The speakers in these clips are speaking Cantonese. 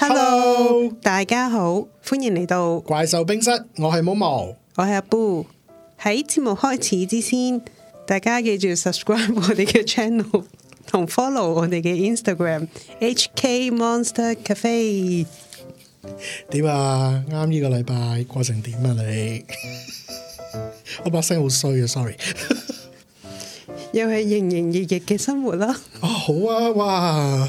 Hello，大家好，歡迎嚟到怪獸冰室。我係 Momo，我係阿 Bo。喺節目開始之前，大家記住 subscribe 我哋嘅 channel，同 follow 我哋嘅 Instagram HK Monster Cafe。點啊？啱呢個禮拜過成點啊？你我把聲好衰啊！Sorry，又係營營役役嘅生活啦。啊，好啊，哇！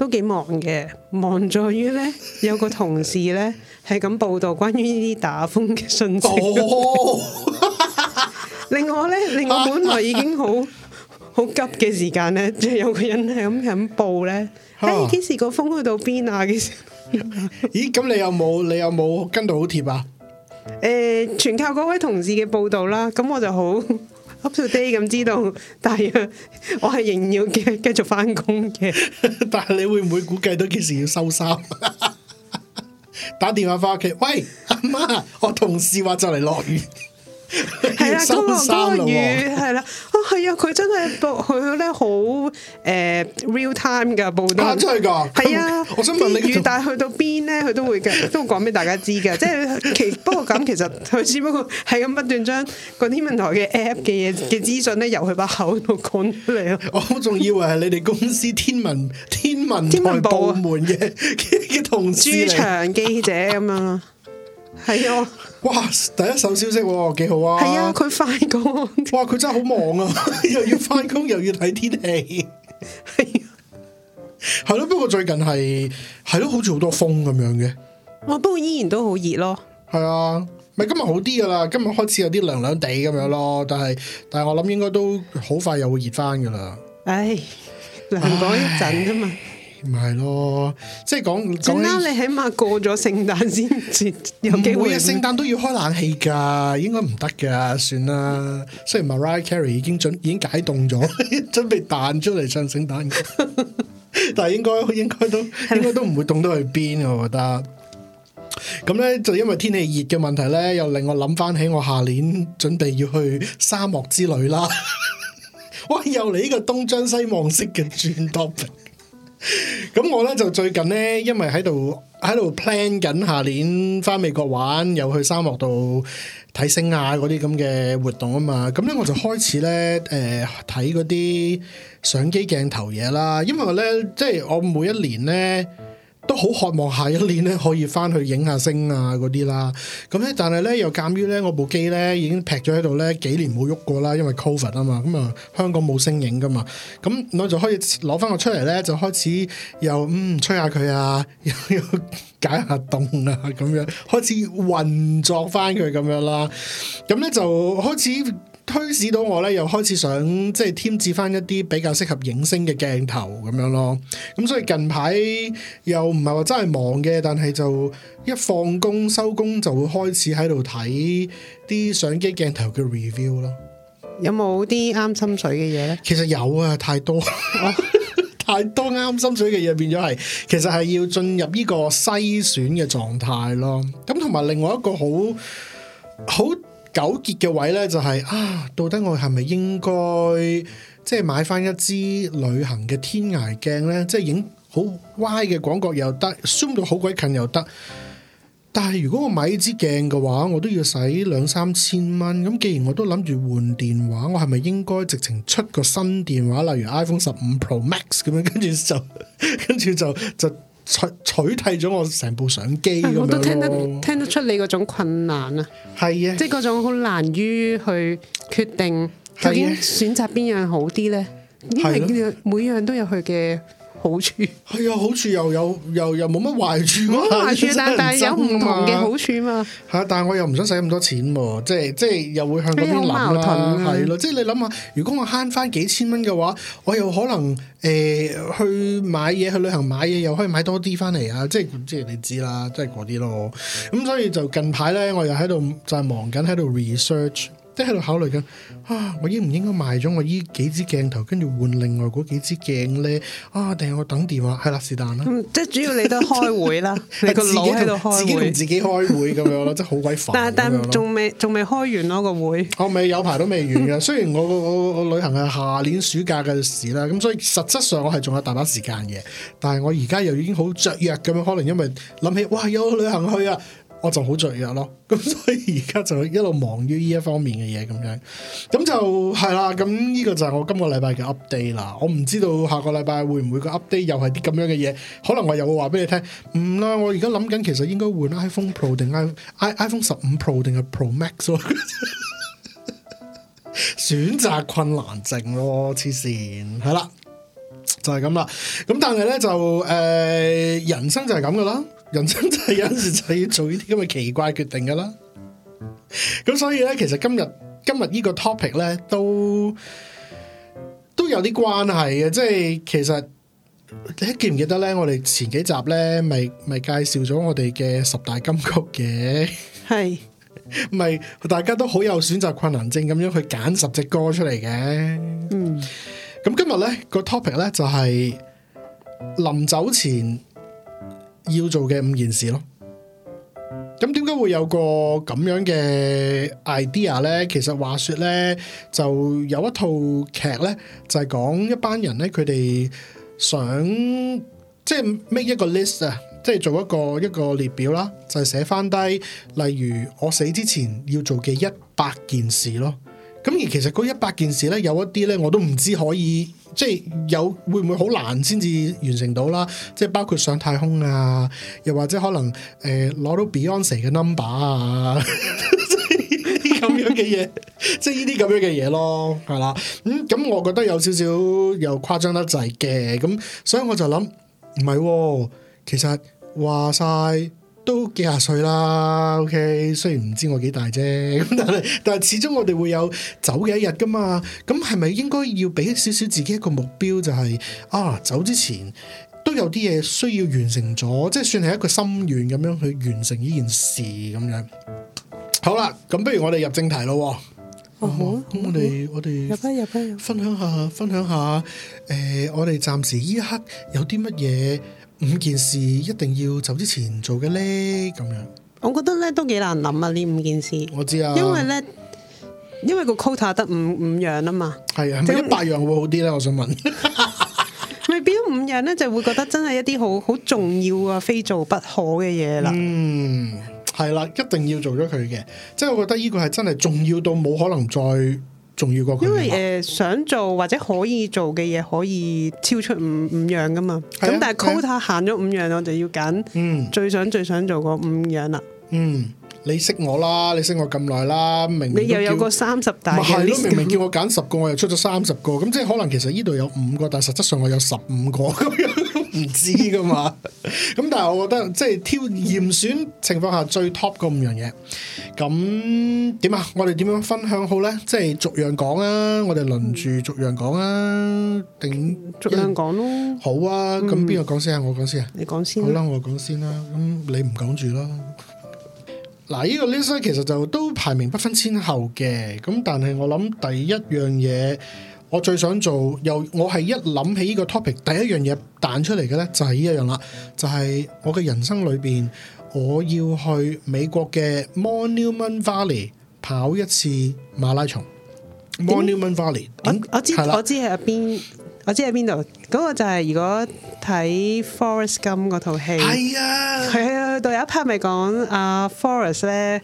都幾忙嘅，忙在於咧有個同事咧係咁報道關於呢啲打風嘅信息。 另外咧，另外本來已經好好急嘅時間咧，即係有個人係咁咁報咧，哎，幾時個風去到邊啊？幾時？咦？咁你有冇你有冇跟到好貼啊？誒、 呃，全靠嗰位同事嘅報道啦。咁我就好。up to date 咁，知道，但係、啊、我係仍然要繼繼續翻工嘅。 但係你會唔會估計到幾時要收衫？ 打電話翻屋企，喂，阿媽，我同事話就嚟落雨。係啦，今日個雨係啦，啊係 啊，佢、啊、真係報佢咧好誒 real time 噶報得出嚟噶，係 啊，我想問你雨帶去到邊咧，佢都會嘅，都會講俾大家知噶。即係其不過咁，其實佢只不過係咁不斷將個天文台嘅 app 嘅嘢嘅資訊咧，由佢把口度講出嚟咯。我仲以為係你哋公司天文天文天文部門嘅嘅同事，駐場記者咁樣咯。 係啊，哇！第一手消息，哦，幾好啊！係啊，佢快講，哇！佢真係好忙啊， 又要翻工，又要睇天氣，係咯，啊。 不過最近係係咯，好似好多風咁樣嘅。哦，不過依然都好熱咯。係啊，咪今日好啲噶啦，今日開始有啲涼涼地咁樣咯。但係但係，我諗應該都好快又會熱翻噶啦。唉，難講一陣啫嘛。咪係咯，即係講，咁啱你起碼過咗聖誕先至。有機會、啊，每日聖誕都要開冷氣噶，應該唔得噶，算啦。雖然 Mariah Carey 已經準已經解凍咗， 準備彈出嚟唱聖誕歌， 但係應該應該都 應該都唔會凍到去邊，我覺得。咁咧 就因為天氣熱嘅問題咧，又令我諗翻起我下年準備要去沙漠之旅啦。哇！ 又嚟呢個東張西望式嘅轉 topic。咁 我咧就最近咧，因為喺度喺度 plan 緊下年翻美國玩，有去沙漠度睇星啊嗰啲咁嘅活動啊嘛，咁咧我就開始咧誒睇嗰啲相機鏡頭嘢啦，因為咧即係我每一年咧，都好渴望下一年咧可以翻去影下星啊嗰啲啦，咁咧但係咧又鑑於咧我部機咧已經劈咗喺度咧幾年冇喐過啦，因為 Covid 啊嘛，咁、嗯、啊香港冇星影噶嘛，咁我就可以攞翻我出嚟咧就開始又嗯吹下佢啊，又 解下凍啊咁樣，開始運作翻佢咁樣啦，咁咧就開始。推使到我咧，又開始想即係添置翻一啲比較適合影星嘅鏡頭咁樣咯。咁所以近排又唔係話真係忙嘅，但係就一放工收工就會開始喺度睇啲相機鏡頭嘅 review 咯。有冇啲啱心水嘅嘢咧？其實有啊，太多 太多啱心水嘅嘢，變咗係其實係要進入呢個篩選嘅狀態咯。咁同埋另外一個好好。糾結嘅位呢，就係、是、啊，到底我係咪應該即係買翻一支旅行嘅天涯鏡呢？即係影好歪嘅廣角，又得，zoom 到好鬼近又得。但係如果我買依支鏡嘅話，我都要使兩三千蚊。咁既然我都諗住換電話，我係咪應該直情出個新電話？例如 iPhone 十五 Pro Max 咁樣，跟住就跟住就就。取取替咗我成部相機咁樣咯，我都聽得出你嗰種困難啊，係啊，即係嗰種好難於去決定是的 究竟選擇邊樣好啲咧？是的 因為每樣都有佢嘅。好處係啊， 好處又,又,又,又有又又冇乜壞處，冇壞處，但係有唔同嘅好處嘛。吓，但係我又唔想使咁多錢，即係即係又會向嗰邊諗啦。係咯、 嗯，即係你諗下，如果我慳翻幾千蚊嘅話，我又可能誒、呃、去買嘢去旅行買，買嘢又可以買多啲翻嚟啊！即係即係你知啦，即係嗰啲咯。咁所以就近排咧，我又喺度就係忙緊喺度 research。即係度考慮緊啊！我應唔應該賣咗我呢幾支鏡頭，跟住換另外嗰幾支鏡呢？啊！定係我等電話？係啦，是但啦。即係主要你都開會啦， 你個腦喺度開會，自己，自己開會咁樣咯，即係好鬼煩。但但仲未仲未開完嗰，啊嗰個會，我未有排都未完嘅。雖然我我我，我旅行係下年暑假嘅事啦，咁所以實質上我係仲有大把時間嘅。但係我而家又已經好雀躍，咁樣，可能因為諗起哇，有旅行去啊！我就好著力咯，咁所以而家就一路忙於呢一方面嘅嘢，咁樣，咁就係啦。咁呢個就係我今個禮拜嘅 update 啦。我唔知道下個禮拜會唔會個 update 又係啲咁樣嘅嘢，可能我又會話俾你聽。唔、嗯、啦，我而家諗緊，其實應該換 iPhone Pro 定 i iPhone 十五 Pro 定係 Pro Max 擇咯。選擇困難症咯，黐線，係啦，就係咁啦。咁但係咧就誒、呃，人生就係咁噶啦。人生就係有時就要做呢啲咁嘅奇怪決定噶啦咁所以咧，其實今日今日呢個 topic 咧都都有啲關係嘅，即係其實你記唔記得咧？我哋前幾集咧，咪咪介紹咗我哋嘅十大金曲嘅，係咪是？ 大家都好有選擇困難症咁樣去揀十隻歌出嚟嘅。嗯，咁今日咧，個 topic 咧就係、是、臨走前。要做嘅五件事咯，咁點解會有個咁樣嘅 idea 呢？其實話說呢，就有一套劇呢，就係講一班人呢，佢哋想即係 make 一個 list 啊，即係做一個一個列表啦，就係寫翻低，例如我死之前要做嘅一百件事咯。咁而其實嗰一百件事呢，有一啲呢，我都唔知可以。即係有會唔會好難先至完成到啦？即係包括上太空啊，又或者可能誒攞到 Beyonce 嘅 number 啊，即係呢啲咁樣嘅嘢，即係呢啲咁樣嘅嘢咯，係啦。咁、嗯、咁，我覺得有少少又誇張得滯嘅，咁所以我就諗唔係喎，其實話晒。都幾廿歲啦，OK，雖然唔知我幾大啫，但係但係始終我哋會有走嘅一日噶嘛，咁係咪應該要俾少少自己一個目標，就係，就係啊，走之前都有啲嘢，需要完成咗，即係算係一個心願咁樣去完成呢件事咁樣。好啦，咁不如我哋入正題咯。好，咁我哋我哋分享下分享下，誒、呃，我哋暫時依一刻有啲乜嘢五件事一定要走之前做嘅咧？咁樣，我覺得咧都幾難諗啊！呢五件事，我知啊因呢，因為咧，因為個 quota 得五五樣啊嘛，係啊，係咪一百樣會好啲咧？我想問，代 表五樣咧就會覺得真係一啲好好重要啊，非做不可嘅嘢啦。嗯。係啦，一定要做咗佢嘅，即係我覺得呢個係真係重要到冇可能再重要過佢。因為誒想做或者可以做嘅嘢可以超出五五樣噶嘛，咁的但係 quota 行咗五樣，我就要揀嗯最想最想做嗰五樣啦。嗯，你識我啦，你識我咁耐啦，明，明你又有個三十大，咪係咯？明明叫我揀十個，我又出咗三十個，咁即係可能其實呢度有五個，但係實質上我有十五個。 唔知㗎嘛？咁 但係我覺得即係挑嚴選情況下最 top 嗰五樣嘢，咁點啊？我哋點樣分享好呢？即係逐樣講啊！我哋輪住逐樣講啊，定逐樣講咯。好啊，咁邊個講先啊？嗯、我講先啊。你講先、啊。好啦，我講先啦、啊。咁你唔講住啦。嗱，呢、這個 list 咧，其實就都排名不分先後嘅。咁但係我諗第一樣嘢。我最想做，又我係一諗起呢個 topic，第一樣嘢彈出嚟嘅呢，就係呢一樣啦，就係我嘅人生裏邊，我要去美國嘅 Monument Valley 跑一次馬拉松。Monument Valley，怎我知樣，我知喺邊了，我知喺邊度。嗰、嗰個就係如果睇 Forrest Gump 嗰套戲，係啊，係啊，啊，到有一 part 咪講阿 Forest 咧。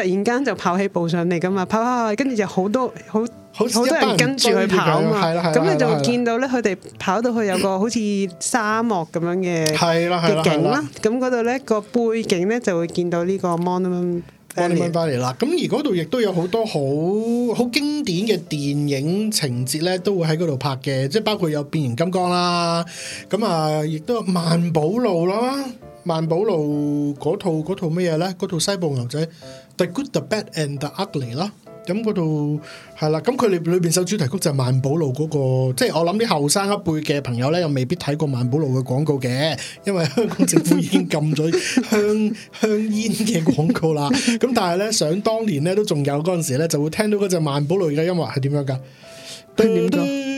突然間就跑起步上嚟噶嘛，跑下跟住就好多好好多人跟住去跑啊嘛，咁你就會見到咧佢哋跑到去有個好似沙漠咁樣嘅景啦，咁嗰度咧個背景咧就會見到呢個 monument monument 翻嚟啦，咁而嗰度亦都有好多好好經典嘅電影情節咧都會喺嗰度拍嘅，即係包括有變形金剛啦，咁啊亦都有萬寶路啦。萬寶路嗰套嗰套咩嘢咧？嗰套西部牛仔《The Good, The Bad and The Ugly》啦，咁嗰套係啦，咁佢哋裏邊首主題曲就係萬寶路嗰個，即係我諗啲後生一輩嘅朋友咧，又未必睇過萬寶路嘅廣告嘅，因為香港政府已經禁咗香香煙嘅廣告啦。咁但係咧，想當年咧都仲有嗰陣時咧，就會聽到嗰隻萬寶路嘅音樂係點樣㗎？對唔對？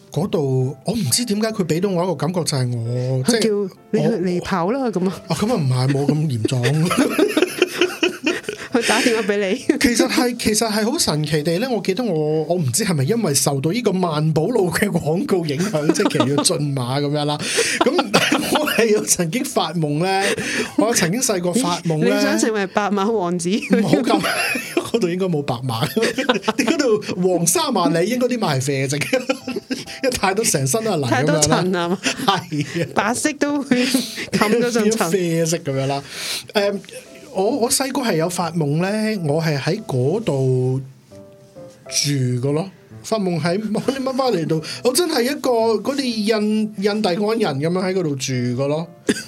嗰度我唔知點解佢俾到我一個感覺就係、是、我即係叫你嚟我跑啦咁啊！哦咁啊唔係冇咁嚴重，佢 打電話俾你其。其實係其實係好神奇地咧，我記得我我唔知係咪因為受到呢個萬寶路嘅廣告影響， 即係其實要進馬咁樣啦。咁我係有曾經發夢咧， 我曾經細個發夢你想成為白馬王子。唔好講。 嗰度應該冇白馬，你嗰度黃沙萬里， 應該啲馬係啡色， 因為都太多成身都係泥咁樣啦。係啊，白色都冚咗上塵，啡色咁樣啦。誒、嗯，我我細個係有發夢咧，我係喺嗰度住嘅咯，發夢喺我啲乜翻嚟度，我真係一個嗰啲印印第安人咁樣喺嗰度住嘅咯。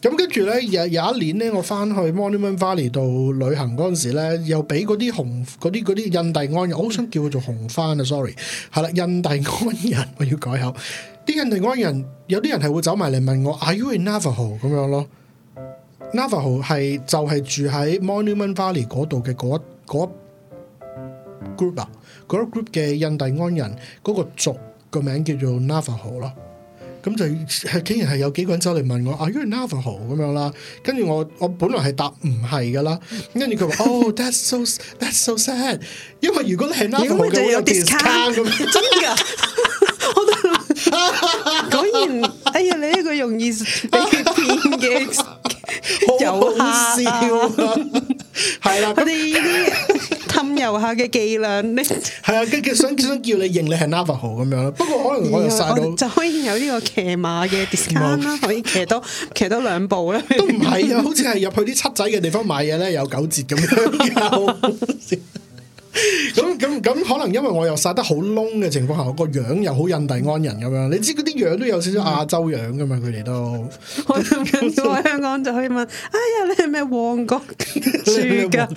咁跟住咧，有有一年咧，我翻去 Monument Valley 度旅行嗰陣時咧，又俾嗰啲紅嗰啲啲印第安人，我好想叫佢做紅番啊，sorry，係啦，印第安人我要改口。啲印第安人有啲人係會走埋嚟問我，Are you in Navajo？咁樣咯。Navajo 係就係、係、住喺 Monument Valley 嗰度嘅嗰嗰 group 啊，嗰 group 嘅印第安人嗰、嗰個族個名叫做 Navajo 咯。咁就竟然係有幾個人走嚟問我啊，Are you Navajo? 好咁樣啦，跟住我我本來係答唔係噶啦，跟住佢話哦、oh，That's so that's so sad，因為如果你係，咁咪就有 discount 咁，真噶，果然，哎呀你呢個容易俾佢騙嘅， 好，好笑啊。 係啦，佢哋呢啲氹遊客嘅伎倆，你係啊，佢 想想叫你認你係 Naver 號咁樣啦。不過可能我又晒到，就可以有呢個騎馬嘅 discount 啦， 沒有 可以騎多騎多兩步啦。都唔係啊， 好似係入去啲七仔嘅地方買嘢咧，有九折咁樣。咁咁咁可能因為我又曬得好窿嘅情況下，個樣又好印第安人咁樣，你知嗰啲樣都有少少亞洲樣噶嘛？佢哋都，我諗緊我喺香港就可以問，哎呀，你係咪旺角住噶？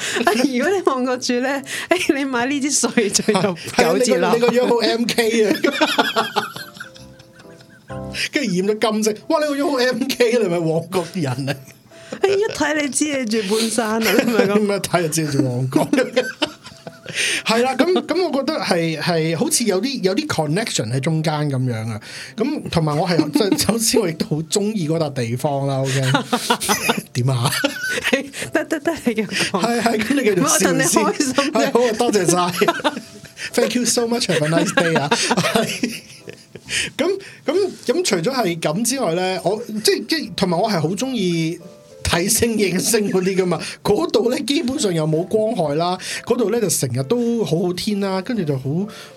如果你旺角住咧，你買呢支水就，係我知啦。你個樣好 M K 啊，跟 住 染咗金色，哇！你個樣好 M K，你係咪旺角啲人嚟？ 一睇你知你住半山啊，咁一睇就知你住旺角。係啦，咁咁，音色我覺得係係好似有啲有啲 connection 喺中間咁樣啊，咁同埋我係即係首先我亦都好中意嗰笪地方啦。OK，點啊？得得得，係嘅，係係，咁你繼續笑先。你多 謝晒謝 ，thank you so much for nice day 啊。 係，咁咁咁，除咗係咁之外咧，我即係即係，同埋我係好中意。睇星認星嗰啲噶嘛，嗰度咧基本上又冇光害啦，嗰度咧就成日都好好天啦，啊，跟住就好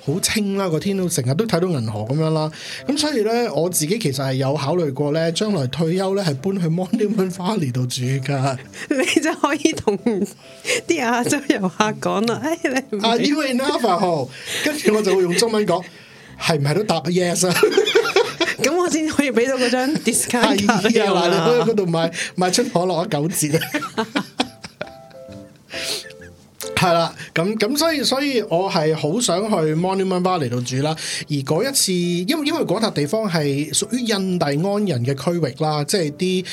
好清啦，啊，個天都成日都睇到銀河咁樣啦，咁所以咧我自己其實係有考慮過咧，將來退休咧係搬去 Monument Valley 裏度住噶。你就可以同啲亞洲遊客講啦， 哎，你。Are you in Africa？跟住我就會用中文講，係唔係都答 yes 啊？ 咁 我先可以俾到嗰張 discount 啊！嗱了，喺嗰度買買出可樂九折啊！係啦， 咁咁所以所以我係好想去 Monument Valley 嚟度住啦。而嗰一次，因為因為嗰笪地方係屬於印第安人嘅區域啦，即係啲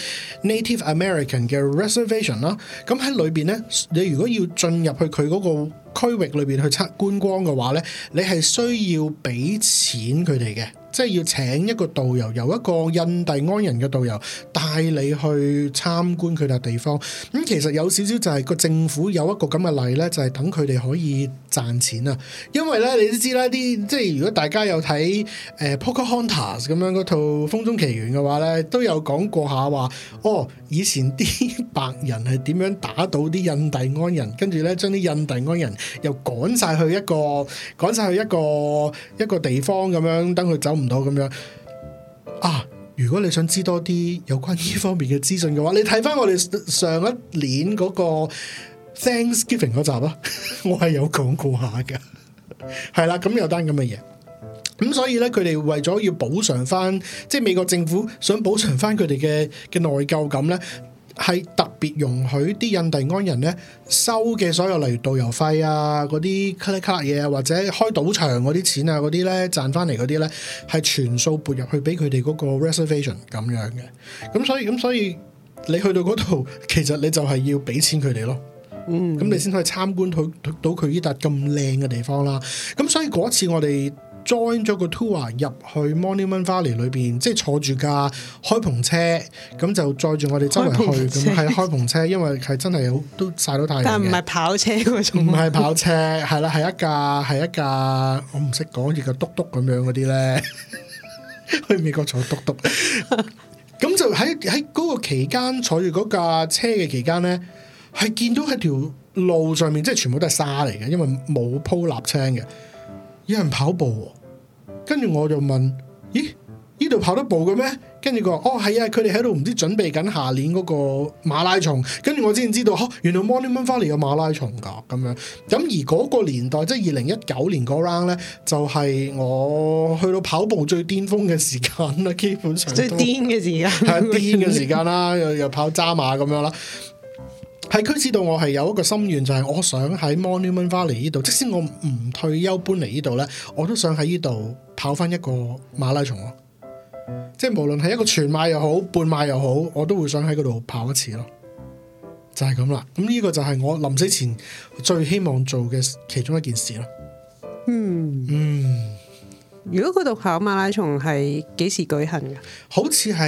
Native American 嘅 Reservation 啦。咁喺裏邊咧，你如果要進入去佢嗰個區域裏邊去參觀光嘅話咧，你係需要俾錢佢哋嘅。即係要請一個導遊，由一個印第安人嘅導遊帶你去參觀佢笪地方。咁、嗯、其實有少少就係、是、個政府有一個咁嘅例咧，就係等佢哋可以賺錢啊。因為咧，你都知啦，啲即係如果大家有睇誒、呃、Pocahontas 咁樣套《風中奇緣》嘅話咧，都有講過下話哦，以前啲白人係點樣打倒啲印第安人，跟住咧將啲印第安人又趕晒去一個趕晒去一個一個地方咁樣等佢走。唔到咁樣啊！如果你想知多啲有關呢方面嘅資訊嘅話，你睇翻我哋上一年嗰個 Thanksgiving 嗰集啦， 我係有講過下嘅，係 啦，咁有單咁嘅嘢。咁所以咧，佢哋為咗要補償翻，即係美國政府想補償翻佢哋嘅嘅內疚感咧，係特別容許啲印第安人咧收嘅所有，例如導遊費啊、嗰啲卡嚟卡嘢啊，或者開賭場嗰啲錢啊、嗰啲咧賺翻嚟嗰啲咧，係全數撥入去俾佢哋嗰個 reservation 咁樣嘅。咁所以咁所以你去到嗰度，其實你就係要俾錢佢哋咯。嗯、mm，咁、hmm。你先可以參觀到到佢依笪咁靚嘅地方啦。咁所以嗰次我哋。join 咗個 tour 入去 Monument Valley 裏邊，即係坐住架開篷車，咁就載住我哋周圍去。咁係開，開篷車，因為係真係好都晒到太。但唔係跑車，唔係跑車，係啦，係一架係一架，我唔識講，似個篤篤咁樣嗰啲咧， 去美國坐篤篤。咁 就喺喺嗰個期間坐住嗰架車嘅期間咧，係見到喺條路上面，即係全部都係沙嚟嘅，因為冇鋪立青嘅。有人跑步、啊,跟住我就問，咦？呢度跑得步嘅咩？跟住佢話，哦，係啊，佢哋喺度唔知準備緊下年嗰個馬拉松。跟住我先知道，哦、原來 Morning Run 翻嚟有馬拉松噶咁樣。咁而嗰個年代，即係二零一九年嗰 round 咧，就係、是、我去到跑步最巔峰嘅時間啦，基本上即最癲嘅時間，係癲嘅時間啦，又又跑渣馬咁樣啦。係驅使到我係有一個心願，就係、是，我想喺 Monument Valley 呢度，即使我唔退休搬嚟呢度咧，我都想喺呢度跑翻一個馬拉松咯、啊。即係無論係一個全馬又好，半馬又好，我都會想喺嗰度跑一次咯。就係咁啦。咁、嗯、呢、這個就係我臨死前最希望做嘅其中一件事咯。嗯嗯。嗯如果嗰度跑馬拉松係幾時舉行嘅？好似係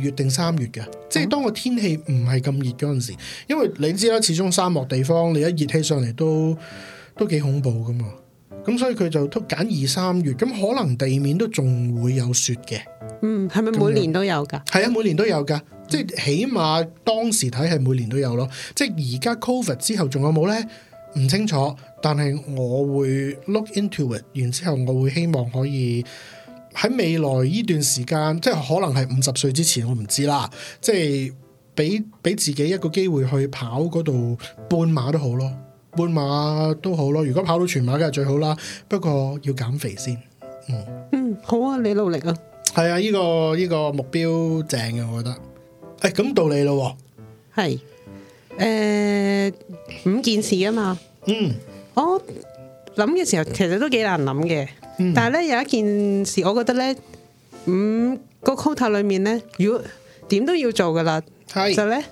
二月定三月嘅，即係當個天氣唔係咁熱嗰陣時，嗯、因為你知啦，始終沙漠地方你一熱起上嚟都都幾恐怖噶嘛，咁所以佢就都揀二三月，咁可能地面都仲會有雪嘅。嗯，係咪每年都有噶？係啊，每年都有噶， 即係起碼當時睇係每年都有咯。即係而家 COVID 之後仲有冇咧？唔清楚。但係我會 look into it，然之後我會希望可以喺未來呢段時間，即係可能係五十歲之前，我唔知啦。即係俾俾自己一個機會去跑嗰度半馬都好咯，半馬都好咯。如果跑到全馬梗係最好啦，不過要減肥先。嗯嗯，好啊，你努力啊，係啊，呢個呢個目標正嘅，我覺得。誒，咁道理咯，係誒五件事啊嘛，嗯。我諗嘅時候其實都幾難諗嘅，嗯、但係咧有一件事，我覺得咧，五、嗯那個 quota 裏面咧，如果點都要做噶啦，係就咧，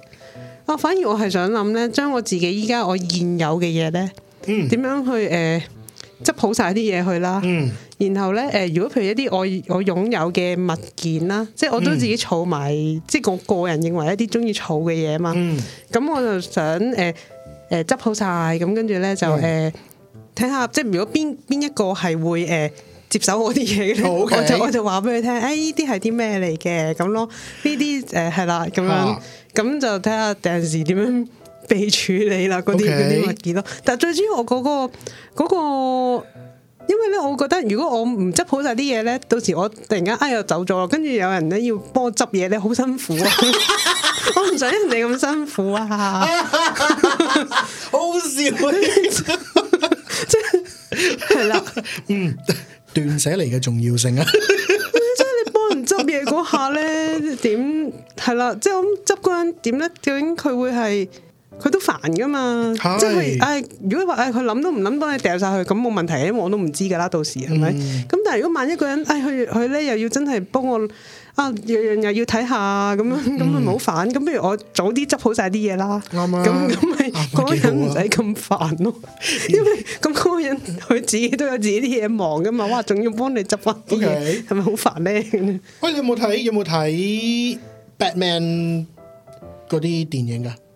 我反而我係想諗咧，將我自己依家我現有嘅嘢咧，點、嗯、樣去誒，執、呃、好晒啲嘢去啦，嗯、然後咧誒、呃，如果譬如一啲我我擁有嘅物件啦，即係我都自己儲埋，嗯、即係我個人認為一啲中意儲嘅嘢啊嘛，咁、嗯、我就想誒。呃呃誒，執好晒，咁跟住咧就誒，睇下、嗯、即係如果邊邊一個係會誒、呃、接手我啲嘢咧，我就我、哎呃啊、就話俾佢聽，誒呢啲係啲咩嚟嘅？咁咯呢啲誒係啦，咁樣咁就睇下第陣時點樣被處理啦，嗰啲啲物件咯。但係最主要我嗰、嗰個個。嗰個因為咧，我覺得如果我唔執好晒啲嘢咧，到時我突然間哎又走咗，跟住有人咧要幫我執嘢咧，好辛苦啊！我唔想人哋咁辛苦啊！好笑啊！即係啦，嗯，斷捨離嘅重要性啊 即係你幫人執嘢嗰下咧，點係啦？即係我執嗰人點咧？究竟佢會係？佢都煩噶嘛，即係誒，如果話誒佢諗都唔諗幫你掉晒去，咁冇問題啊，因為我都唔知噶啦，到時係咪？咁但係如果萬一個人誒，佢佢咧又要真係幫我啊，樣樣又要睇下咁樣，咁咪唔好煩。咁不如我早啲執好晒啲嘢啦，咁咁咪嗰個人唔使咁煩咯。因為咁嗰個人佢自己都有自己啲嘢忙噶嘛，哇，仲要幫你執翻啲嘢，係咪好煩咧？喂，你有冇睇有冇睇 Batman 嗰啲電影噶？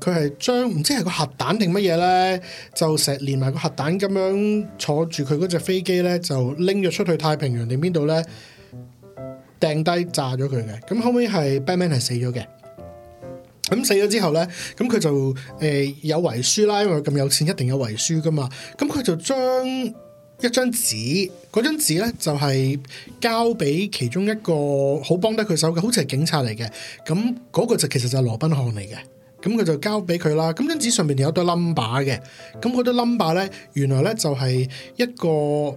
佢係將唔知係個核彈定乜嘢咧，就成日連埋個核彈咁樣坐住佢嗰隻飛機咧，就拎咗出去太平洋定邊度咧，掟低炸咗佢嘅。咁後尾係 Batman 係死咗嘅。咁死咗之後咧，咁佢就誒、呃、有遺書啦，因為佢咁有錢一定有遺書噶嘛。咁佢就將一張紙，嗰張紙咧就係、是、交俾其中一個好幫得佢手嘅，好似係警察嚟嘅。咁嗰個就其實就係羅賓漢嚟嘅。咁佢就交俾佢啦。咁張紙上面有一堆 number 嘅。咁嗰堆 number 咧，原來咧就係一個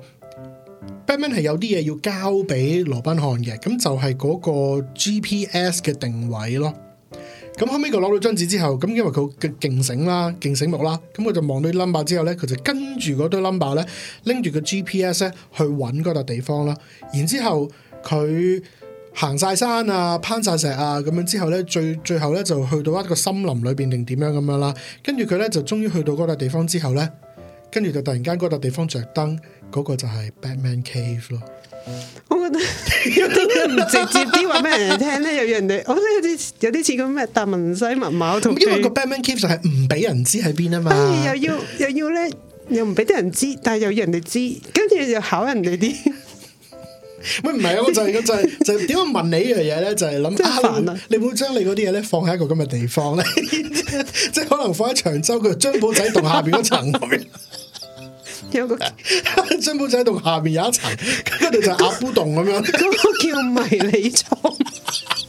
Batman 係有啲嘢要交俾羅賓漢嘅。咁就係嗰個 GPS 嘅定位咯。咁後尾佢攞到張紙之後，咁因為佢嘅勁醒啦、勁醒目啦，咁佢就望到啲 number 之後咧，佢就跟住嗰堆 number 咧，拎住個 GPS 咧去揾嗰笪地方啦。然之後佢，行晒山啊，攀晒石啊，咁樣之後咧，最最後咧就去到一個森林裏邊定點樣咁樣啦，跟住佢咧就終於去到嗰笪地方之後咧，跟住就突然間嗰笪地方着燈，嗰、嗰個就係 Batman Cave 咯，我。 我覺得有啲唔直接啲話俾人哋聽咧，又人哋，我覺得有啲有啲似個咩達文西密碼同。因為個 Batman Cave 就係唔俾人知喺邊啊嘛、嗯。又要又要咧，又唔俾啲人知，但係又人哋知，跟住又考人哋啲。喂，唔係啊，我就係、是，就係、是，就點解問你呢樣嘢咧？就係諗，你會將你嗰啲嘢咧放喺一個咁嘅地方咧？ 即係可能放喺長洲佢張寶仔洞下邊嗰層。 有個張寶 仔洞下邊有一層，跟住就鴨煲洞咁樣、 嗰個，咁、嗰個、叫迷你倉。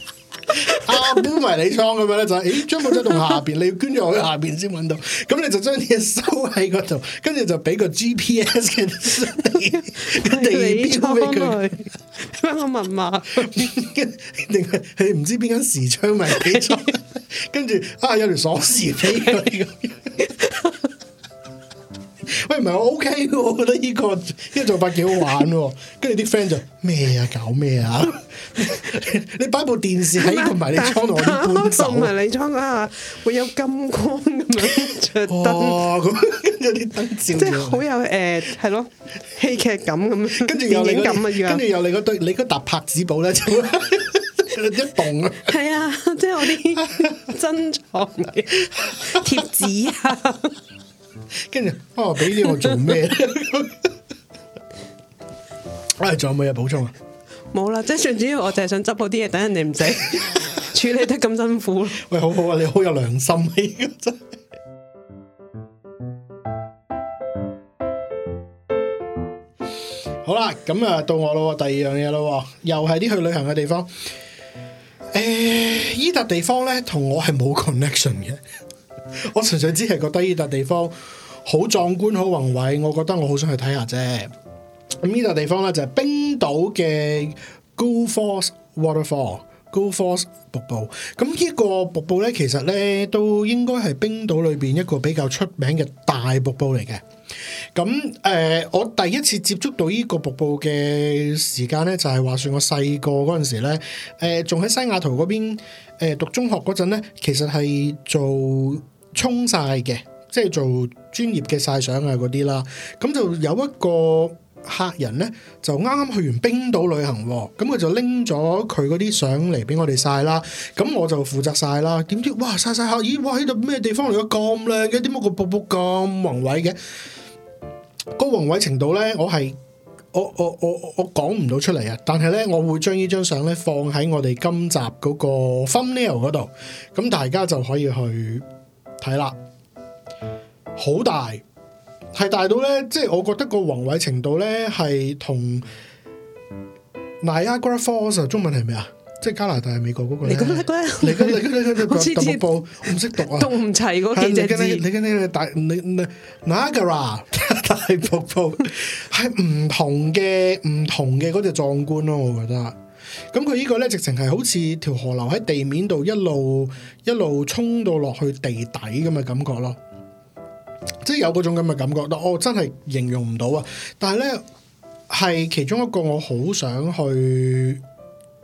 阿、 啊、搬迷你倉咁樣咧就係，誒、哎，張木仔棟下邊， 你要捐咗去下邊先揾到，咁你就將啲嘢收喺嗰度，跟住就俾個 GPS 嘅地標俾佢，俾個密碼，定係佢唔知邊間時窗埋幾，跟住 啊有條鎖匙俾佢。 喂，唔係我 OK，我覺得呢、這個呢、這個做法幾好玩。跟住啲 friend 就咩啊，搞咩啊？ 你擺部電視同迷你倉，同迷你倉啊，會、哎、有金光咁樣着燈，咁、哦、有啲燈照，即係好有誒，係咯戲劇感咁，跟住電影感啊！跟住 又你嗰堆，你嗰沓拍紙簿咧， 一動係啊，即、就、係、是、我啲珍藏嘅貼紙啊。 跟住，哦，俾啲我做咩？我哋仲有冇嘢補充啊？冇啦、 哎，即係算。主要，我淨係想執好啲嘢，等人哋唔使處理得咁辛苦。喂，好好啊，你好有良心啊，依個真係。 好啦，咁啊，到我咯，第二樣嘢咯，又係啲去旅行嘅地方。誒、哎，呢笪地方咧，同我係冇 connection 嘅。我純粹只係覺得呢笪地方好壯觀、好宏偉，我覺得我好想去睇下啫。咁呢笪地方咧就係、是、冰島嘅 Gullfoss Waterfall、Gullfoss 瀑布。咁呢個瀑布咧，其實咧都應該係冰島裏邊一個比較出名嘅大瀑布嚟嘅。咁誒、呃，我第一次接觸到呢個瀑布嘅時間咧，就係、是、話算我細個嗰陣時咧，誒仲喺西雅圖嗰邊，誒、呃、讀中學嗰陣咧，其實係做。沖晒嘅，即係做專業嘅晒相啊，嗰啲啦。咁就有一個客人呢，就啱啱去完冰島旅行喎。咁佢就拎咗佢嗰啲相嚟俾我哋晒啦。咁我就負責晒啦。點知哇晒晒下，咦？哇！呢度咩地方嚟嘅咁靚嘅？點解個瀑布咁宏偉嘅？個宏偉、那個、程度呢，我係我我我我，我，我講唔到出嚟啊。但係呢，我會將呢張相呢放喺我哋今集嗰個 Thumbnail 嗰度，咁大家就可以去。睇啦，好大，係大到咧，即係我覺得個宏偉程度咧，係同 Niagara Falls 中文係咩啊？即係加拿大係美國嗰個。你嗰個咧？你嗰你嗰啲瀑布唔識讀啊？咳 Dos execut ifs 讀唔齊嗰幾隻咧？你你你大你你 Niagara 大瀑布係唔同嘅唔同嘅嗰隻壯觀咯、哦，我覺得。咁佢呢個咧，直情係好似條河流喺地面度一路一路衝到落去地底咁嘅感覺咯，即係有嗰種咁嘅感覺，但我真係形容唔到啊！但係咧係其中一個我好想去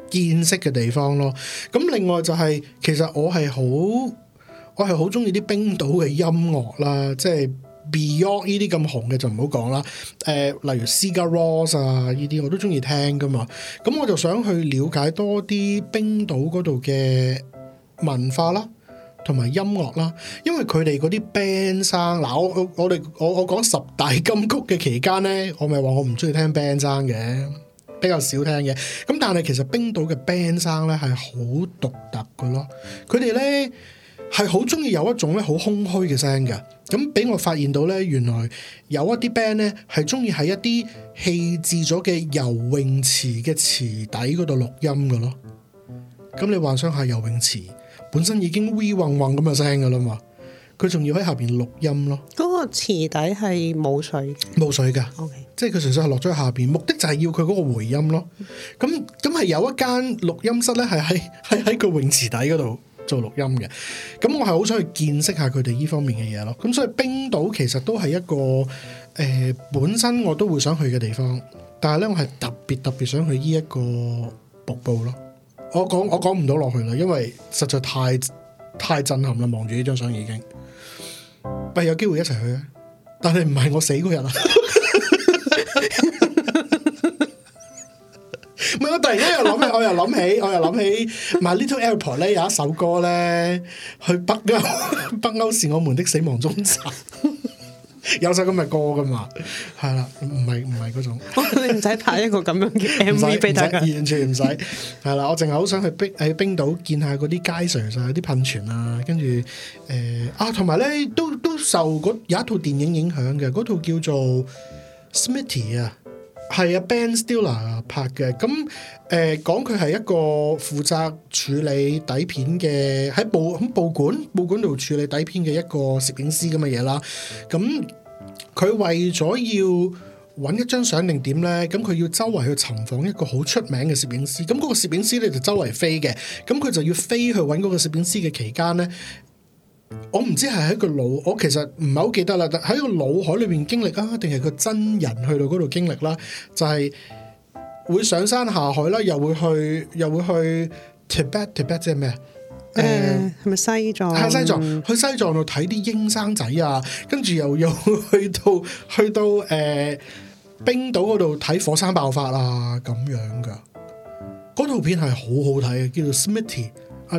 見識嘅地方咯。咁另外就係，其實我係好我係好中意啲冰島嘅音樂啦，即係。Beyond 呢啲咁紅嘅就唔好講啦，誒、呃，例如 Sigur Rós 啊呢啲我都中意聽噶嘛，咁我就想去了解多啲冰島嗰度嘅文化啦，同埋音樂啦，因為佢哋嗰啲 band 生嗱、啊，我我哋我我講十大金曲嘅期間咧，我咪話我唔中意聽 band 生嘅，比較少聽嘅，咁但係其實冰島嘅 band 生咧係好獨特㗎咯，佢哋咧。係好中意有一種咧好空虛嘅聲嘅，咁俾我發現到咧，原來有一啲 band 咧係中意喺一啲棄置咗嘅游泳池嘅池底嗰度錄音噶咯。咁你幻想下游泳池本身已經 v 混混咁嘅聲噶啦嘛，佢仲要喺下邊錄音咯。嗰個池底係冇水，冇水噶，Okay. 即係佢純粹係落咗喺下邊，目的就係要佢嗰個回音咯。咁咁係有一間錄音室咧，係喺係喺個泳池底嗰度，做錄音嘅，咁我係好想去見識下佢哋呢方面嘅嘢咯。咁所以冰島其實都係一個誒、呃，本身我都會想去嘅地方，但係咧我係特別特別想去呢一個瀑布咯。我講我講唔到落去啦，因為實在太太震撼啦，望住呢張相已經。不如有機會一齊去啊！但係唔係我死嗰日啊！唔係我突然間又諗起， 起，我又諗起，我又諗起，My Little Airport 咧有一首歌咧，去北歐，北歐是我們的死亡終站。 有首咁嘅歌㗎嘛，係啦，唔係唔係嗰種。 你唔使拍一個咁樣嘅 MV 俾大家，完全唔使。係啦， 我淨係好想去冰喺冰島見下嗰啲 geysers 啊，啲噴泉啊，跟住誒啊，同埋咧都都受有一套電影影響嘅，嗰套叫做《Smithy》啊。係啊，Ben Stiller 拍嘅。咁誒講佢係一個負責處理底片嘅，喺報咁報館，報館度處理底片嘅一個攝影師咁嘅嘢啦。咁佢為咗要揾一張相定點咧?咁佢要周圍去尋訪一個好出名嘅攝影師。咁嗰個攝影師咧就周圍飛嘅。咁佢就要飛去揾嗰個攝影師嘅期間咧。我唔知係喺個腦，我其實唔係好記得啦。但喺個腦海裏邊經歷啊，定係個真人去到嗰度經歷啦，就係、是、會上山下海啦，又會去，又會去 Tibet，Tibet、呃、即係咩啊？誒、呃，係咪西藏？係西藏，去西藏度睇啲英生仔啊，跟住又又去到去到誒、呃、冰島嗰度睇火山爆發啊，咁樣噶。嗰套片係好好睇嘅，叫做《Smithy》。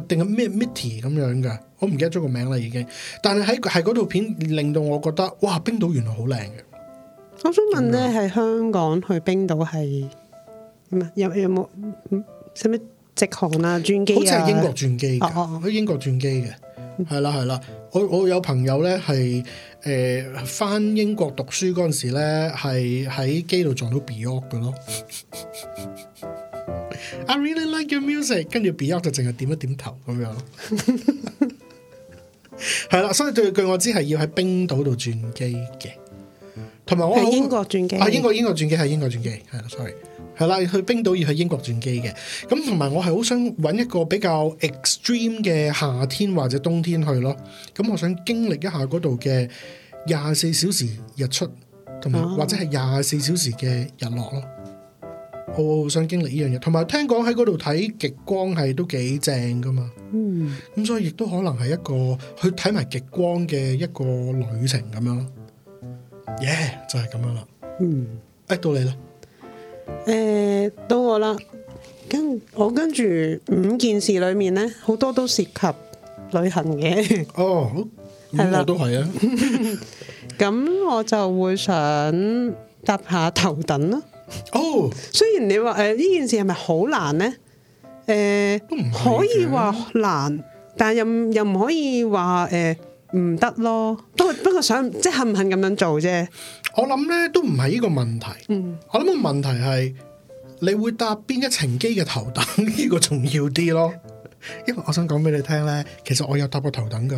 定係咩 Mitty 咁樣嘅，itty, 我唔記得咗個名啦已經。但係喺係嗰套片令到我覺得，哇！冰島原來好靚嘅。我想問咧，喺樣香港去冰島係咩？有有冇咩直航啊？轉機啊？好似係英國轉機，哦哦，去英國轉機嘅，係啦係啦。我我有朋友咧係誒翻英國讀書嗰陣時咧，係喺機度撞到 Björk 嘅咯。 I really like your music，跟住 Beyond 就淨係點一點頭咁樣咯，係啦， 所以據據我知係要喺冰島度轉機嘅，同埋我係英國轉機，係、啊、英國英國轉機係英國轉機，係啦 sorry，係啦，去冰島要去英國轉機嘅，咁同埋我係好想揾一個比較 extreme 嘅夏天或者冬天去咯，咁我想經歷一下嗰度嘅廿四小時日出，同埋、哦、或者係廿四小時嘅日落咯。我好想經歷呢樣嘢，同埋聽講喺嗰度睇極光係都幾正噶嘛。嗯，咁所以亦都可能係一個去睇埋極光嘅一個旅程咁樣咯。耶，就係咁樣啦。嗯，誒，到你啦。誒，到我啦。跟，我跟住五件事裏面咧，好多都涉及旅行嘅。哦，係啦，都係啊。咁我就會想搭下頭等咯。哦，oh, 雖然你話誒呢件事係咪好難咧？誒、呃，都唔可以話難，但係又又唔可以話誒唔得咯。都係不過想即係肯唔肯咁樣做啫。我諗咧都唔係呢個問題。嗯，我諗個問題係你會搭邊一程機嘅頭等呢個重要啲咯。因為我想講俾你聽咧，其實我有搭過頭等噶。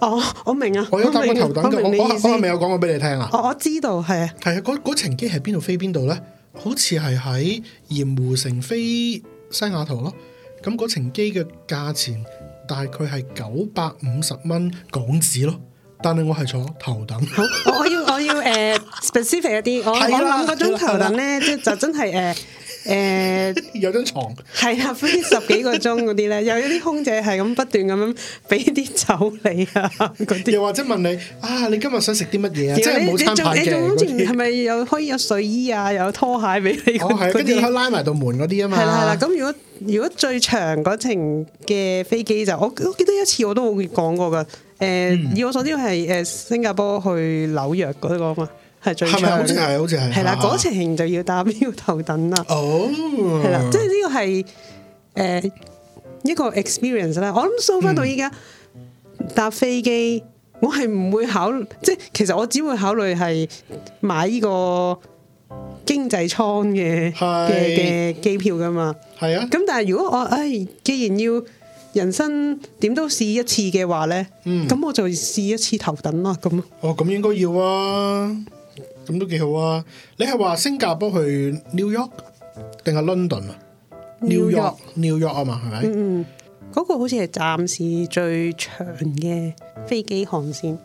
哦，oh, 我明啊，我有搭過頭等噶。我我我未有講過俾你聽啊。我我知道，係啊，係啊。嗰嗰程機係邊度飛邊度咧？好似係喺鹽湖城飛西雅圖咯，咁嗰程機嘅價錢大概係九百五十蚊港紙咯，咯，但係我係坐頭等， 我要我要誒、呃、specific 一啲，我了我五個頭等咧，即就真係誒。呃 誒，uh, 有張床係啊，飛十幾個鐘嗰啲咧，有一啲空姐係咁不斷咁樣俾啲酒你啊，嗰啲又或者問你啊，你今日想食啲乜嘢？即係冇餐牌嘅嗰啲係咪有可以有睡衣啊，又有拖鞋俾你？哦，oh，係，可以拉埋度門嗰啲啊嘛。係啦，咁如果如果最長嗰程嘅飛機就我，我記得一次我都冇講過噶。誒、呃，嗯、以我所知係誒新加坡去紐約嗰、那個啊嘛。係最長嘅。係啦，嗰程就要搭 U 頭等啦。哦，係啦，即係呢個係誒一個 experience 啦。我諗收翻到依家搭飛機，我係唔會考，即係其實我只會考慮係買呢個經濟艙嘅嘅嘅機票噶嘛。係啊。咁但係如果我誒，既然要人生點都試一次嘅話咧，嗯，咁我就試一次頭等啦。咁哦，咁應該要啊。咁都幾好啊！你係話新加坡去 New York？定係倫敦啊？New York，New York 啊嘛，係咪、嗯？嗯嗰、嗰個好似係暫時最長嘅飛機航線。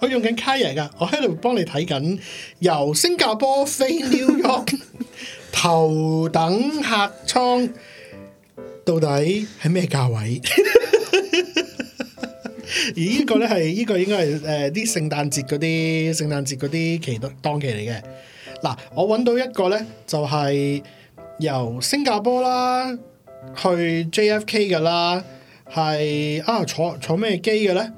我用緊 Kayak 噶，我喺度幫你睇緊由新加坡飛 New York 頭等客艙到底係咩價位？ 而呢個咧，係呢個應該係誒啲聖誕節嗰啲聖誕節嗰啲期當期嚟嘅。嗱、啊，我揾到一個咧，就係、是、由新加坡啦去 J F K 嘅啦，係啊坐坐咩機嘅咧？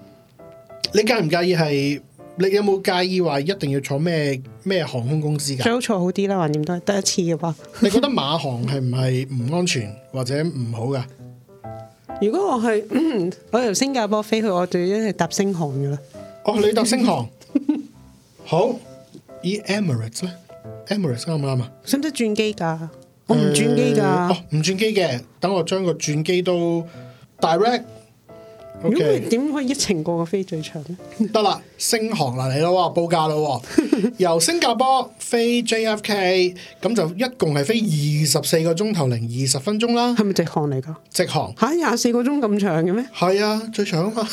你介唔介意係？你有冇介意話一定要坐咩咩航空公司噶？最好坐好啲啦，橫掂都得一次嘅話。 你覺得馬航係唔係唔安全或者唔好噶？如果我去、嗯，我由新加坡飛去，我就一係搭星航噶啦。哦，你搭星航， 好，E Emirates 咧，Emirates 啱唔啱啊？使唔使轉機噶？我唔轉機噶。哦，唔轉機嘅，等我將個轉機都 Direct。Okay. 如果佢點可以一程過個飛最長咧？得啦，星航啦，嚟咯，報價咯， 由新加坡飛 J F K，咁就一共係飛二十四個鐘頭零二十分鐘啦。係咪直航嚟噶？直航行吓，廿四、啊、個鐘咁長嘅咩？係啊，最長啊嘛。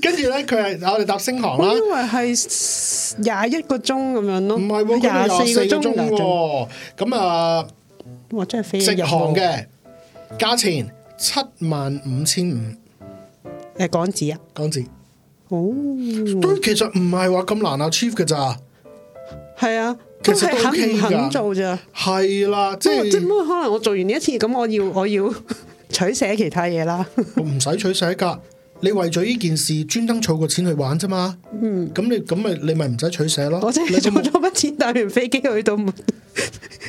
跟住咧，佢係我哋搭星航啦。我 以為係廿一個鐘咁樣咯，唔係喎，廿四個鐘嘅。咁啊，啊哇，真係直航嘅價錢。七萬五千五，誒、呃、港紙啊，港紙元哦，都其實唔係話咁難啊，achieve 嘅咋。係啊，其實都係肯唔肯做咋，係啦、啊，即係點可能我做完呢一次，咁我要我要取捨其他嘢啦，我唔 使取捨噶你為咗呢件事專登儲過錢去玩啫嘛？嗯，咁你咁咪你咪唔使取捨咯。我真係儲咗筆錢，搭完飛機去到門，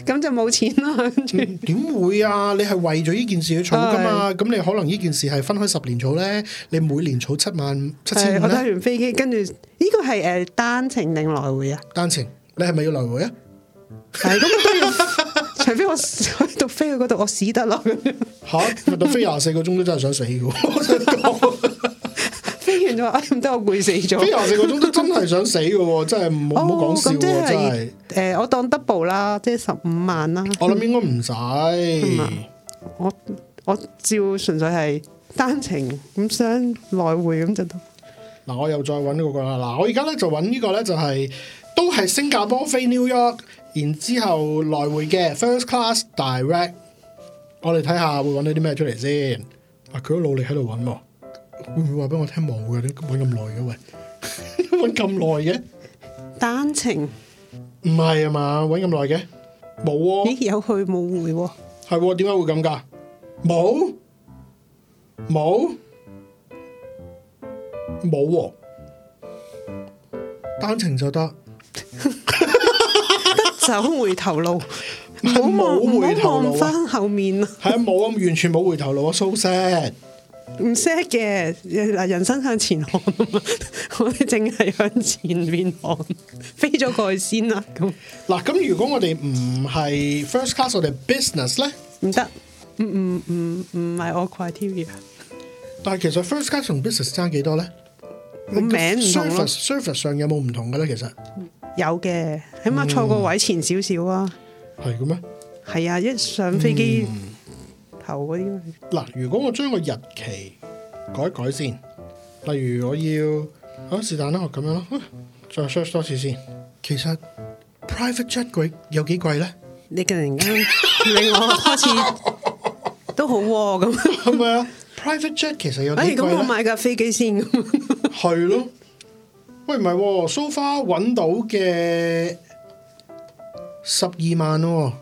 咁 就冇錢咯。點、 嗯、會啊？你係為咗呢件事去儲噶嘛？咁、啊、你可能呢件事係分開十年儲咧，你每年儲七萬七千咧。我搭完飛機，跟住呢個係誒單程定來回啊？單程，單程你係咪要來回啊？係咁都要，除非我到飛我去嗰度我屎得咯。吓， 咪到飛廿四個鐘都真係想死噶。完啊，唔、哎、知我攰死咗。飛廿四個鐘都真係想死噶， 真係唔好講笑啊！哦就是、真係的，誒、呃，我當 double 啦，即係十五萬啦。我諗應該唔使，我我照純粹係單程咁雙來回咁就得。嗱，我又再揾呢個啦。嗱，我而家咧就揾呢個咧、就是，就係都係新加坡飛 New York，然之後來回嘅 First Class Direct。我哋睇下會揾到啲咩出嚟先。啊，佢都努力喺度揾。會唔會話俾我聽冇嘅？你搵咁耐嘅，喂，搵咁耐嘅單程唔係啊嘛？搵咁耐嘅冇喎，你有去冇回喎？係點解會咁噶？冇冇冇，單程就得，走回頭路，冇冇回頭路啊！後面係啊，冇啊，完全冇回頭路啊，蘇軾。唔 set 嘅嗱，人生向前看啊嘛， 我哋淨係向前面看，飛咗過去先啦。咁嗱，咁 如果我哋唔係 first class，我哋 business 咧，唔得，唔唔唔唔係我 quiet 嘅。但係其實 first class bus 同 business 差幾多咧？個名 surface service 上有冇唔同嘅咧？其實有嘅，起碼坐個位前少少啊。係嘅咩？係啊，一上飛機。嗯嗱，如果我將個日期改一改先，例如我要，啊是但啦，我咁樣咯，再 search 多次先。其實 private jet 貴有幾貴咧？你突然間令我開始 都好喎，咁係咪啊？Private jet 其實有，哎、欸，咁我買架飛機先咁。係 咯，喂唔係，so far 揾到嘅十二萬咯、哦。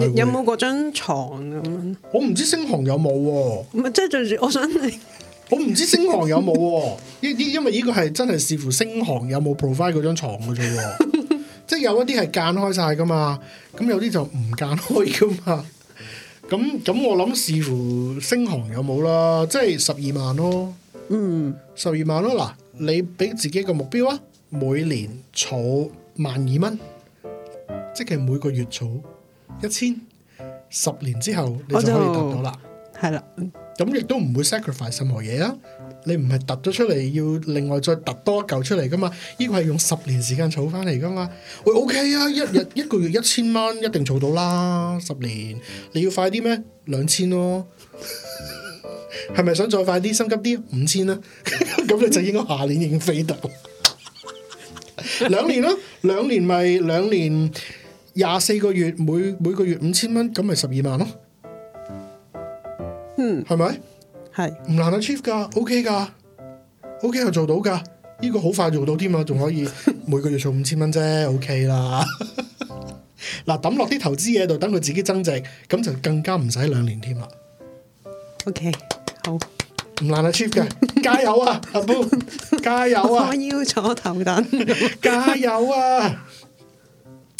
有冇嗰張床咁？我唔知星航有冇，啊，唔係即係最主。我想你，我唔知星航有冇，啊。呢啲 因為呢個係真係視乎星航有冇 provide 嗰張床嘅啫。 即係有一啲係間開晒噶嘛，咁有啲就唔間開噶嘛。咁 咁，我諗視乎星航有冇啦，即係十二萬咯。嗯，十二萬咯。嗱，你俾自己個目標啊，每年儲萬二蚊，即係每個月儲。一千十年之後就你就可以得到啦，係啦的，咁亦都唔會 sacrifice 任何嘢啊！你唔係揼咗出嚟，要另外再揼多一嚿出嚟噶嘛？呢個係用十年時間儲翻嚟噶嘛？喂，OK 啊！一日 一個月一千蚊，一定儲到啦！十年你要快啲咩？兩千咯，係 咪想再快啲？心急啲五千啦，咁、啊、 你就應該下年已經飛得。兩 年啦、啊，兩年咪兩年廿四個月每每個月五千蚊咁咪十二萬咯，嗯，係咪吧？係唔是難啊 achieve 噶，OK 噶，OK 又、OK、做到噶，呢、這個好快做到添啊，仲可以每個月做五千蚊啫，OK 啦。嗱，抌落啲投資嘢度，等佢自己增值，咁就更加唔使兩年添啦。OK，好，唔難啊 achieve 嘅，加油啊阿 Boo，加油啊，我要坐頭等，boom, 加油啊！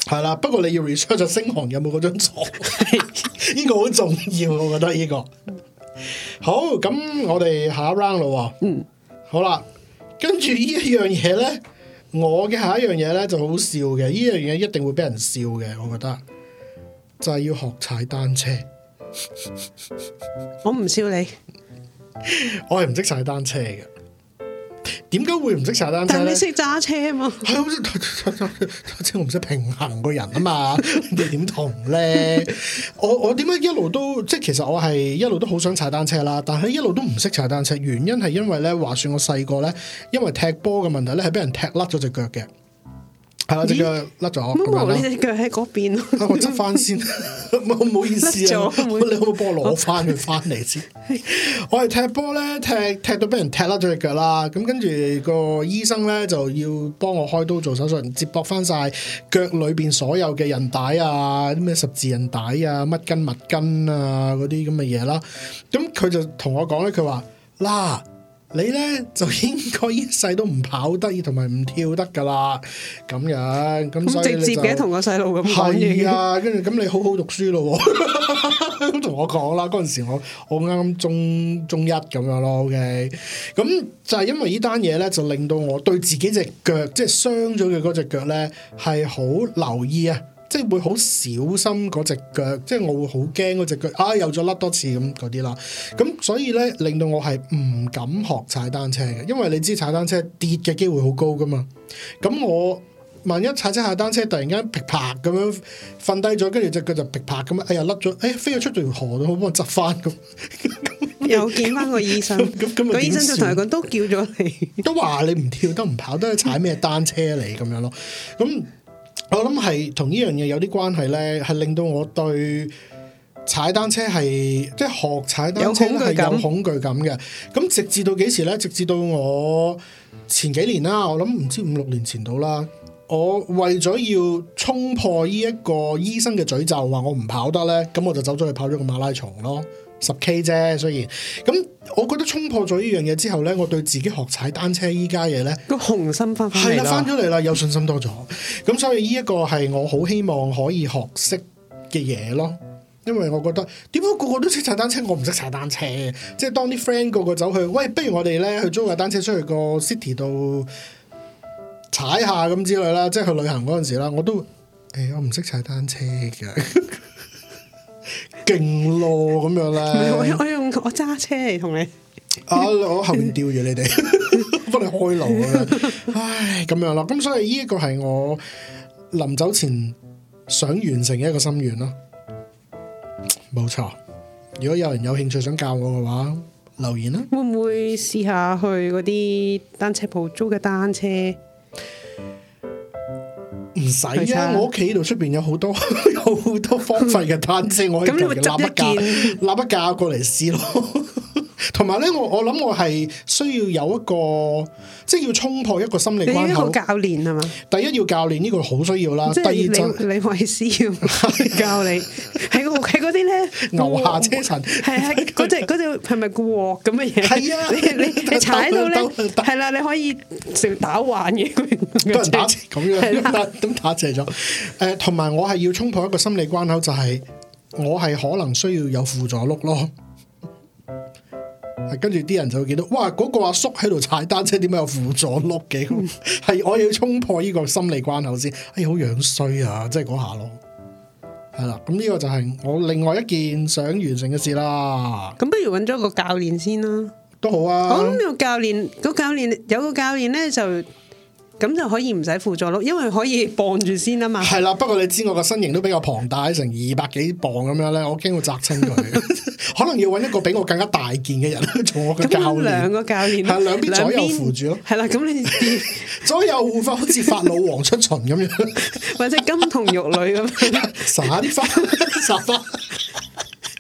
係啦，不過你要 research 下星航有冇嗰張床。呢 個好重要，我覺得呢、這個 好。咁我哋下一 round 啦，嗯，好啦，跟住呢一樣嘢呢，我嘅下一樣嘢呢就好笑嘅，呢樣嘢一定會俾人笑嘅，我覺得就係、是、要學踩單車。 我唔笑你， 我係唔識踩單車嘅。點解會唔識踩單車？但你識揸車啊嘛？係 我唔識平衡個人啊嘛？你點同咧？ 我我點解一路都即係其實我係一路都好想踩單車啦，但係一路都唔識踩單車。原因係因為咧，話說我細個咧，因為踢波嘅問題咧，係俾人踢甩咗隻腳嘅。係啦，隻咦腳甩咗，咁麼樣啦。你隻腳喺嗰邊， 我執翻先。唔好意思啊， 你好唔好幫我攞翻佢翻嚟先？我係踢波咧，踢踢到俾人踢甩咗隻腳啦。咁跟住個醫生咧，就要幫我開刀做手術，接駁翻晒腳裏邊所有嘅韌帶啊，啲咩十字韌帶啊，乜筋乜筋啊，嗰啲咁嘅嘢啦。咁佢就同我講咧，佢話嗱。」你咧就應該一世都唔跑得，同埋唔跳得噶啦。咁樣咁直接嘅同個細路咁講嘢。係啊，跟住咁你好好讀書咯。咁 同我講啦，嗰陣時我我啱啱中中一咁樣咯。OK，咁就係因為呢單嘢咧，就令到我對自己腳、就係、隻腳，即係傷咗嘅嗰隻腳咧，係好留意啊。即係會好小心嗰隻腳，即係我會好驚嗰隻腳啊，有咗甩多次咁嗰啲啦。咁所以咧，令到我係唔敢學踩單車嘅，因為你知踩單車跌嘅機會好高噶嘛。咁我萬一踩一下單車，突然間噼啪咁樣瞓低咗，跟住隻腳就噼啪咁樣，哎呀甩咗，哎呀飛咗出條河咁，我幫我執翻咁，又見翻個醫生。咁 醫生就同佢講，都叫咗你， 都話你唔跳都唔跑，都係踩咩單車嚟咁樣咯，咁。嗯我諗係同呢樣嘢有啲關係咧，係令到我對踩單車係即係學踩單車咧係有恐懼感嘅。咁直至到幾時咧？直至到我前幾年啦，我諗唔知五六年前度啦，我為咗要衝破呢一個醫生嘅詛咒，話我唔跑得咧，咁我就走咗去跑咗個馬拉松咯。十 K 啫，雖然咁，我覺得衝破咗呢樣嘢之後呢，我對自己學踩單車依家嘢呢個信心翻翻嚟啦，翻咗嚟啦，有信心多咗。咁 所以呢一個係我好希望可以學識嘅嘢咯，因為我覺得點解個，個個都識踩單車，我唔識踩單車，即係當啲 friend 個個走去，喂，不如我哋呢去租架單車出去個 city 度踩下咁之類啦，即係去旅行嗰陣時啦，我都誒、欸、我唔識踩單車嘅。 勁咯，咁樣啦！我用我揸車嚟，同你啊，啊我後面吊住你哋，幫 你開路啊！唉，咁樣啦，咁所以呢一個係我臨走前想完成嘅一個心願咯。冇錯，如果有人有興趣想教我嘅話，留言啦。會唔會試下去嗰啲單車鋪租嘅單車？唔使啊！吧我屋企度出邊有好多好 多荒廢嘅單車， 我可以同人攞一架，攞一架過嚟試咯。 同埋咧，我我諗我係需要有一個，即係要衝破一個心理關口。教練係嘛？第一要教練呢個好需要啦。第二就李慧詩教你喺喺嗰啲咧，牛下車神係啊，嗰隻嗰隻係咪鍋咁嘅嘢？係啊，你你踩到咧，係啦，你可以成打橫嘅。人打咁樣，打點打斜咗。誒，同埋我係要衝破一個心理關口，就係我係可能需要有輔助碌咯。跟住啲人就會見到，哇！嗰、嗰個阿叔喺度踩單車，點解有輔助碌嘅？係 我要衝破呢個心理關口先。哎，好樣衰啊！即係嗰下咯。係啦，咁呢個就係我另外一件想完成嘅事啦。咁不如揾咗個教練先啦，都好啊。我諗呢、呢個教練，個教練有個教練咧就。咁就可以唔使輔助咯，因為可以傍住先啊嘛。係啦，不過你知我個身形都比較龐大，成二百幾磅咁樣咧，我驚會砸親佢，可能要揾一個比我更加大件嘅人做我嘅教練。兩個教練係兩邊左右扶住咯。係啦，咁你左右護法好似法老王出巡咁樣，或者金童玉女咁樣，撒花撒花，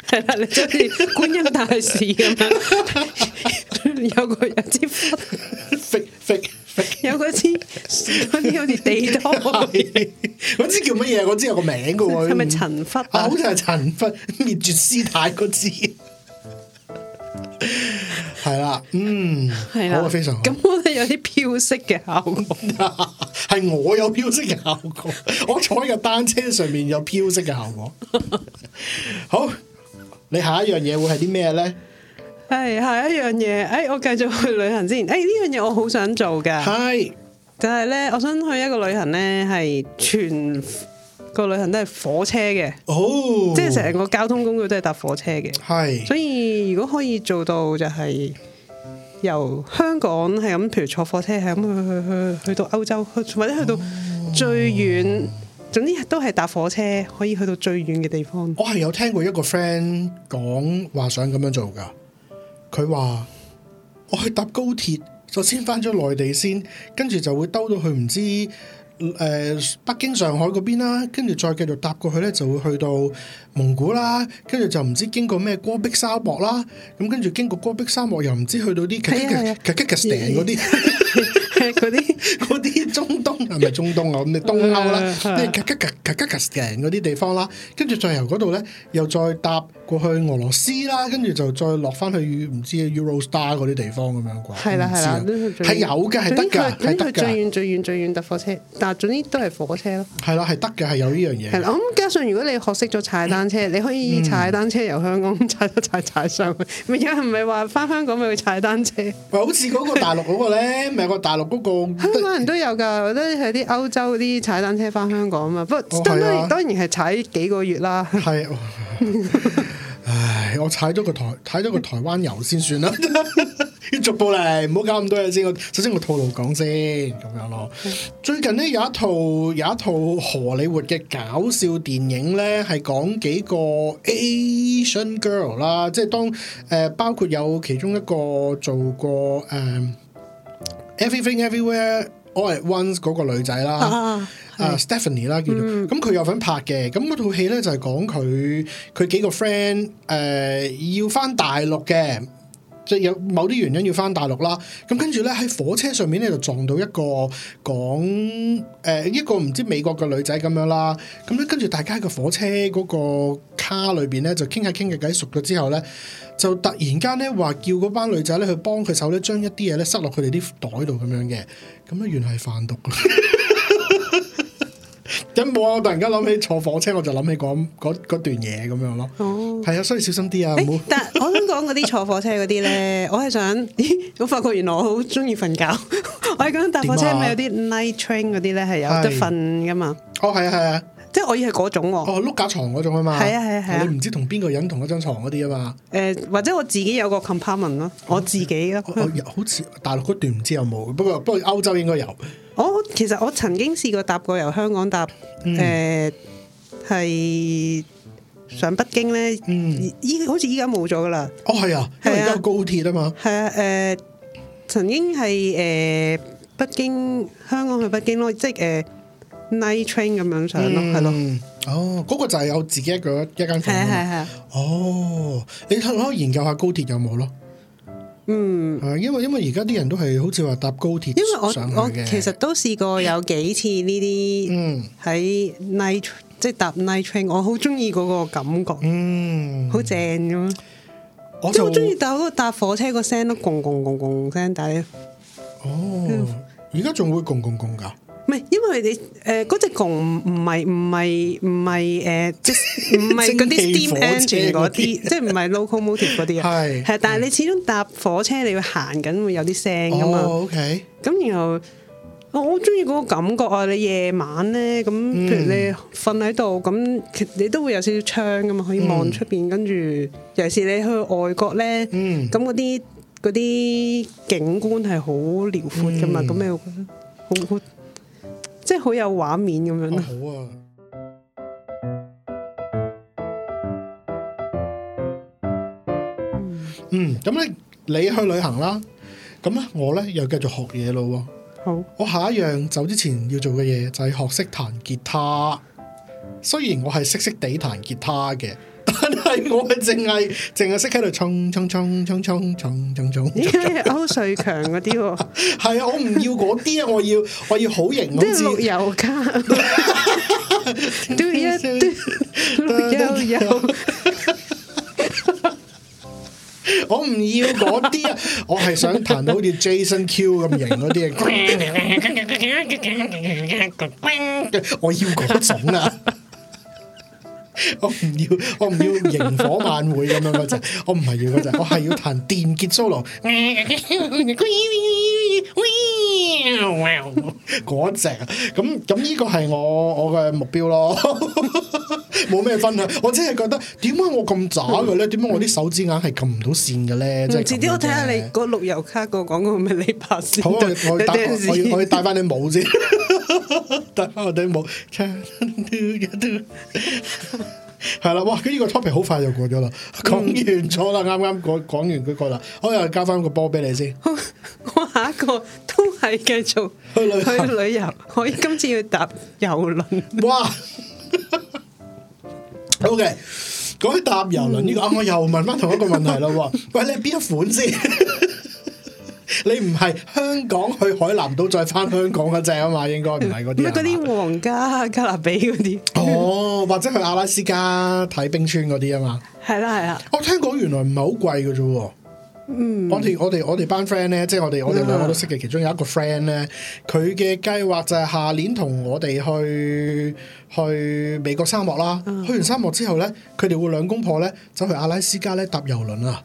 係啦，你做啲觀音大使咁樣，有個有支筆，有個支。嗰啲 好似地拖，嗰支叫乜嘢？我知有個名嘅喎，係咪陳忽？ 啊、好似係陳忽，滅絕師太嗰支，係啦， 嗯，係啦、啊，非常好。咁我有啲飄色嘅效果，係 我有飄色嘅效果， 我坐喺個單車上面有飄色嘅效果。 好，你下一樣嘢會係啲咩咧？係、哎、下一樣嘢，誒、哎，我繼續去旅行先。誒、哎，呢樣嘢我好想做噶，係。就係咧，我想去一個旅行咧，係全個旅行都係火車嘅，哦、即係成個交通工具都係搭火車嘅。係，所以如果可以做到就係由香港係咁，譬如坐火車係咁去去去去，去，去到歐洲去，或者去到最遠，哦、總之都係搭火車可以去到最遠嘅地方。我係有聽過一個 friend 講話想咁樣做㗎，佢話我去搭高鐵。就先翻咗內地先，跟住就會兜到去唔知。誒、北京、上海嗰邊啦，跟住再繼續搭過去咧，就會去到蒙古啦，跟住就唔知經過咩戈壁沙漠啦，咁跟住經過戈壁沙漠又唔知去到啲 Kakakakistan 嗰啲，嗰啲嗰啲中東係咪中東啊？咁你東歐啦，啲 Kakakakakistan 嗰啲地方啦，跟住再由嗰度咧，又再搭過去俄羅斯啦，跟住就再落翻去唔知 Eurostar 嗰啲地方咁樣啩？係啦係啦，係有嘅係得噶，係得噶，咁佢最遠最遠最遠搭火車，總之都係火車咯，係啦，係得嘅，係有呢樣嘢。係啦，咁、嗯、加上如果你學識咗踩單車， 你可以踩單車由香港踩到踩踩上去。咪而家唔係話翻香港咪去踩單車？好似嗰個大陸嗰個咧，咪 有個大陸嗰、嗰個？香港 人都有噶，或者係啲歐洲嗰啲踩單車翻香港啊嘛。不過、哦、當然、啊、當然係踩幾個月啦。係，唉，我踩咗個台灣，踩咗個台灣遊先算啦。要逐步嚟，唔好搞咁多嘢先。我首先我套路講先，咁樣咯。嗯、最近呢有一套有一套荷里活嘅搞笑電影呢，係講幾個 Asian girl 啦，即係當誒、呃、包括有其中一個做過誒、呃、Everything Everywhere All at Once 嗰個女仔啦、啊 uh、Stephanie 啦叫做，咁佢、嗯、有份拍嘅。咁套戲呢就係講佢佢幾個 friend 誒、呃、要翻大陸嘅。即有某啲原因要翻大陸啦，咁跟住咧，喺火車上面咧就撞到一個講誒、呃、一個唔知美國嘅女仔咁樣啦，咁咧跟住大家喺個火車嗰個卡裏邊咧就傾下傾嘅偈，熟咗之後咧就突然間咧話叫嗰班女仔咧去幫佢手咧，將一啲嘢咧塞落佢哋啲袋度咁樣嘅，咁咧原來係販毒。 有冇啊？我突然間諗起坐火車，我就諗起嗰段嘢咁樣咯。哦，係啊，所以小心啲啊，唔好，欸。別 但 我想講嗰啲坐火車嗰啲咧，我係想，咦？我發覺原來我好中意瞓覺。 我係講搭火車咪，啊、有啲 night train 嗰啲咧，係有得瞓噶嘛。哦，係啊，係啊。即係我以為嗰種喎、啊，哦碌架床嗰種啊嘛，係啊係啊係，你唔、啊、知同邊個人同一張床嗰啲啊嘛。誒、呃、或者我自己有個 compartment 咯、啊，哦、我自己咯、啊。好似大陸嗰段唔知有冇，不過不過歐洲應該有。我、哦、其實我曾經試過搭過由香港搭誒係、嗯呃、上北京咧，依、嗯、好似依家冇咗噶啦。哦係啊，因為依家有高鐵啊嘛。係啊，誒、呃、曾經係誒、呃、北京香港去北京咯，即係誒。呃 night train 咁樣上咯，係咯，哦，嗰個就係有自己一個一間房，係係係，哦，你睇，可唔可以研究下高鐵有冇咯？嗯，係因為因為而家啲人都係好似話搭高鐵，因為我我其實都試過有幾次呢啲，嗯，喺 night 即係搭 night train，我好中意嗰個感覺，嗯，好正咁，我即係我中意搭嗰個搭火車個聲都唝唝唝唝聲，但係，哦，而家仲會唝唝唝噶。唔係，因為你誒嗰隻窮唔係唔係唔係誒，呃呃、 即係唔係嗰啲 steam engine 嗰啲，些即係唔係 locomotive 嗰啲啊？係係 是，是但係你始終搭火車，你要行緊會有啲聲噶嘛、哦？OK。咁然後我好中意嗰個感覺啊！你夜晚咧，咁譬如你瞓喺度，咁你都會有少少窗噶嘛，可以望出邊。跟住、嗯、尤其是你去外國咧，咁嗰啲嗰啲景觀係好遼闊噶嘛，咁你會覺得好闊。 即係好有畫面咁樣。好啊，哦。 嗯，咁咧你去旅行啦，咁咧我咧又繼續學嘢咯。好，我下一樣走之前要做嘅嘢就係學識彈吉他。雖然我係識識地彈吉他嘅。係我係淨係淨係識喺度衝衝衝衝衝衝衝衝，啲歐瑞強嗰啲，係啊，我唔要嗰啲啊，我要我要好型嗰啲，綠油卡，都一綠油油，我唔要嗰啲啊，我係想彈到好似 Jason Q 咁型嗰啲啊，我要嗰種啊。我唔要，我唔要螢火晚會咁樣嗰隻，我唔係要嗰隻，我係要彈電結蘇浪嗰隻啊！咁咁呢個係我我嘅目標咯，冇咩分享，我只係覺得，點解我咁渣嘅咧？點解我啲手指眼係撳唔到線嘅咧？即係遲啲我睇下你個陸遊卡個廣告係咪你拍先？好我帶，我要我要戴翻啲帽先，戴翻我啲帽。係啦，哇！呢、這個 topic 好快就過咗啦，講完咗啦，啱啱講講完佢過啦，嗯、我又交翻個波俾你先。我下一個都係繼續去旅遊，可以今次要搭郵輪。哇 ！OK，講起搭郵輪呢個，我、嗯、又問翻同一個問題啦。 喂，你係邊一款先？ 你唔係香港去海南島再翻香港嗰隻啊嘛？應該唔係嗰啲。咩？ 嗰啲皇家加勒比嗰啲。哦 ，oh, 或者去阿拉斯加睇冰川嗰啲啊嘛。係啦、 oh,，係啦。嗯。我聽講原來唔係好貴嘅啫。嗯。我哋我哋我哋我哋班 friend 咧，即係我哋我哋兩個都識嘅，其中有一個 friend 咧，佢嘅計劃就係下年同我哋去去美國沙漠啦。去完沙漠之後咧，佢哋會兩公婆咧，走去阿拉斯加咧搭遊輪啊。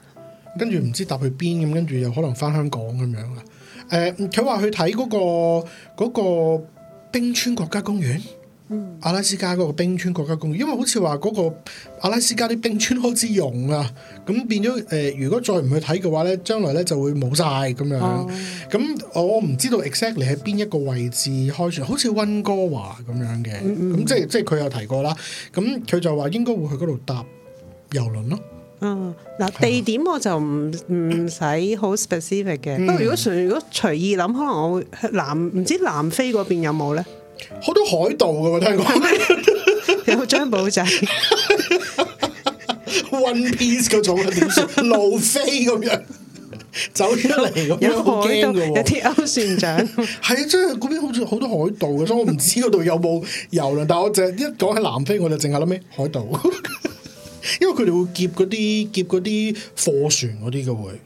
跟住唔知搭去邊咁，跟住有可能翻香港咁樣啦。誒、呃，佢話去睇嗰、嗰個、嗰個冰川國家公園，嗯、阿拉斯加嗰個冰川國家公園，因為好似話嗰個阿拉斯加啲冰川開始融啊，咁變咗誒、呃，如果再唔去睇嘅話咧，將來咧就會冇晒咁樣。咁、嗯、我唔知道 exactly 你喺邊一個位置開船，好似溫哥華咁樣嘅，咁、嗯嗯、即係即係佢有提過啦。咁佢就話應該會去嗰度搭遊輪咯。嗯，嗱、哦，地點我就唔唔使好 specific 嘅。的不過如，如果隨如果隨意諗，可能我會南唔知南非嗰邊有冇咧？好多海盜噶我聽講嗎 有張保仔，One Piece 嗰種路飛咁樣走出嚟咁樣，好驚㗎。有鐵鈎船長係啊， 即係嗰邊好似好多海盜嘅，所以我唔知嗰度有冇遊輪。 但係我淨係一講喺南非，我就淨係諗咩海盜。因為佢哋會劫嗰啲劫嗰啲貨船嗰啲嘅會，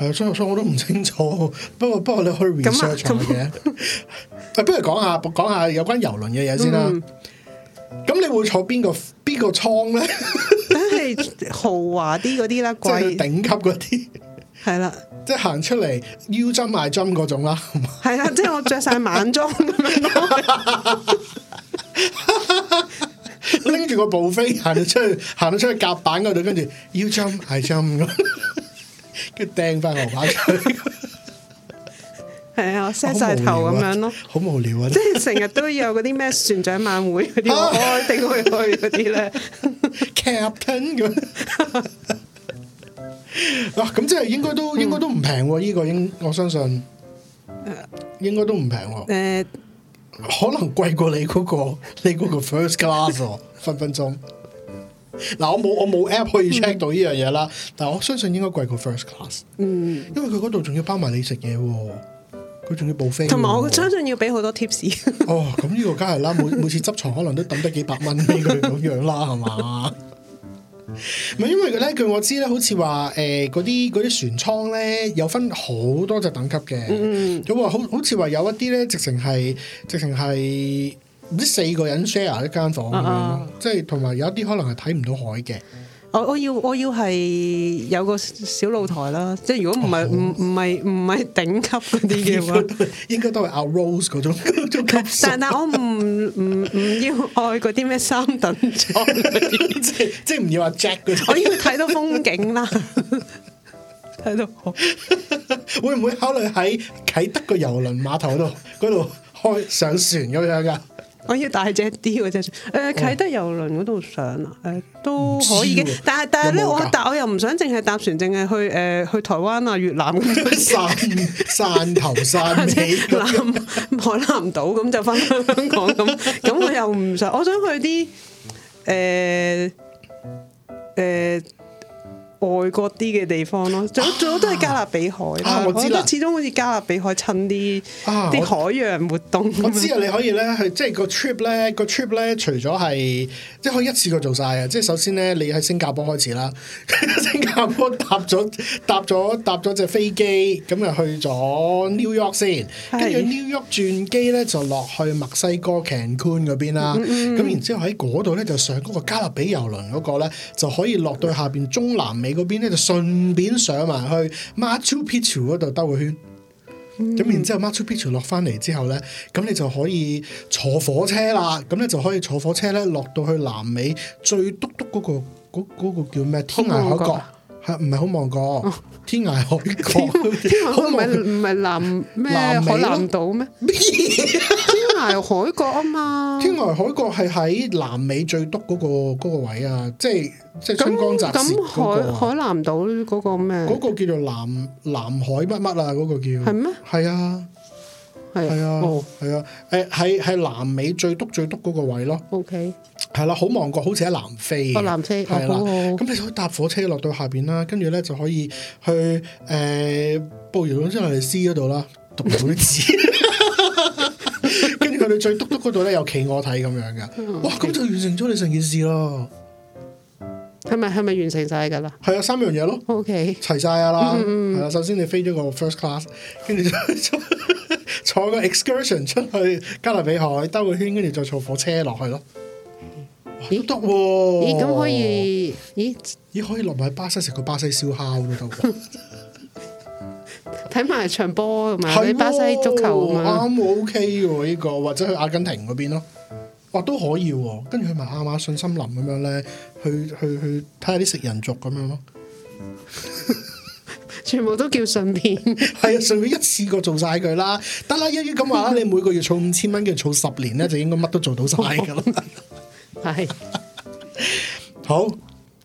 係啊，所以所以我都唔清楚。不過不過你可以 research 下嘅。嗯、 不如講下講下有關遊輪嘅嘢先啦。咁、嗯、你會坐邊個邊個艙咧？即 係豪華啲嗰啲啦，貴，即係頂級嗰啲。係啦 的，即係行出嚟 You jump I jump 嗰種啦。係啊， 即、就、係、是、我着晒晚裝。 拎住個步飛，行到出去，行到出去甲板嗰度，跟住要 jump 係 jump 咯，跟住掟翻河馬出嚟。係啊，我 set 晒頭咁樣咯。好無聊啊！即係成日都有嗰啲咩船長晚會嗰啲，我一定會去嗰啲咧。Captain 咁啊，咁即係應該都應該都唔平喎。呢個應，我相信，應該都唔平喎。誒。可能貴過你嗰個，你嗰個 first class 哦、啊， 分分鐘。嗱，我冇我冇 app 可以 check 到呢樣嘢。啦。但係， 我相信應該貴過 first class，嗯，因為佢嗰度仲要包埋你食嘢，啊，佢仲要補飛，啊，同埋我相信要俾好多 tips。 哦，咁呢個梗係啦，每每次執床可能都抌得幾百蚊俾佢咁樣啦，係嘛？係因為咧，據我知咧，好似話誒，嗰啲啲船艙咧有分好多隻等級嘅，咁話、嗯、好好似話有一啲咧，直情係直情係唔知四個人 share 一間房，啊啊，即係同埋有一啲可能係睇唔到海嘅。我我要我要係有個小露台啦，即係如果唔係唔唔係唔係頂級嗰啲嘅話，應該都係阿 Rose 嗰種。但 但，但我唔唔唔要愛嗰啲咩三等車， 即係即係唔要阿 Jack 嗰種。 我要睇到風景啦，喺 度好 會唔會考慮喺啟德個郵輪碼頭度嗰度開上船咁樣噶我要大隻啲喎，隻船。誒、呃，啟德郵輪嗰度上啊，誒、呃、都可以嘅。但係但係咧，我但我又唔想淨係搭船，淨係去誒、呃、去台灣啊、越南咁樣。 山山頭山尾，海南， 南海南島咁就返香港咁，咁 我又唔想，我想去啲誒誒。呃呃呃外國啲嘅地方咯，最好最好都係加勒比海，啊、我覺得始終好似加勒比海親啲啲、啊、海洋活動我我。我知啊，你可以咧，去，即係個 trip 咧，個 trip 咧，除咗係即係可以一次過做晒啊！即係首先咧，你喺新加坡開始啦，新加坡搭咗搭咗搭咗隻飛機，咁又去咗 New York 先，跟住 New York 轉機咧就落去墨西哥 Can 坎昆嗰邊啦。咁、嗯嗯、然之後喺嗰度咧就上嗰個加勒比遊輪嗰個咧，就可以落到去下邊中南你嗰邊咧就順便上埋去 Machu Picchu 嗰度兜個圈，咁、嗯、然後之後 Machu Picchu 落翻嚟之後咧，咁你就可以坐火車啦。咁咧就可以坐火車咧，落到去南美最篤篤嗰個嗰、嗰個叫咩？天涯海角係唔係好望角？天涯海角，天涯海角唔係唔係南咩海南島咩？美 天涯海角啊嘛，天涯海角係喺南美最篤嗰個個位啊，即係即係春江雜咁海海南島嗰個咩？嗰個叫做南南海乜乜啊？嗰個叫係咩？係啊，係啊，哦，係啊，誒，係係南美最篤最篤嗰個位咯。OK，係啦，好望角好似喺南非，哦、南啊，南非係啦。咁你可以搭火車落到下邊啦，跟住咧就可以去誒布宜諾斯艾利斯嗰度啦，讀唔到啲字。 跟住佢，哋 最督篤嗰度咧有企鵝睇咁樣噶，哇！咁 Okay. 就完成咗你成件事咯。係咪係咪完成晒噶啦？係啊，三樣嘢咯。O K，齊晒啦。係、mm hmm. 啊，首先你飛咗個 first class，跟住再坐， 坐個 excursion 出去加勒比海兜個圈，跟住再坐火車落去咯。都得喎、啊。咦、欸？咁、欸、可以？咦、欸？咦、欸？可以落埋巴西食個巴西燒烤都得咯、啊。 睇埋場波咁啊，喺巴西足球，啱我、嗯、OK 嘅呢、呢個，或者去阿根廷嗰邊咯，哇都可以。跟住去埋亞馬遜森林咁樣咧，去去去睇下啲食人族咁樣咯。全部都叫順便，係啊 對，順便 一次過做晒佢啦，得啦，一於咁話啦，你每個月儲五千蚊，叫儲十年咧，就應該乜都做到晒噶啦。係，好，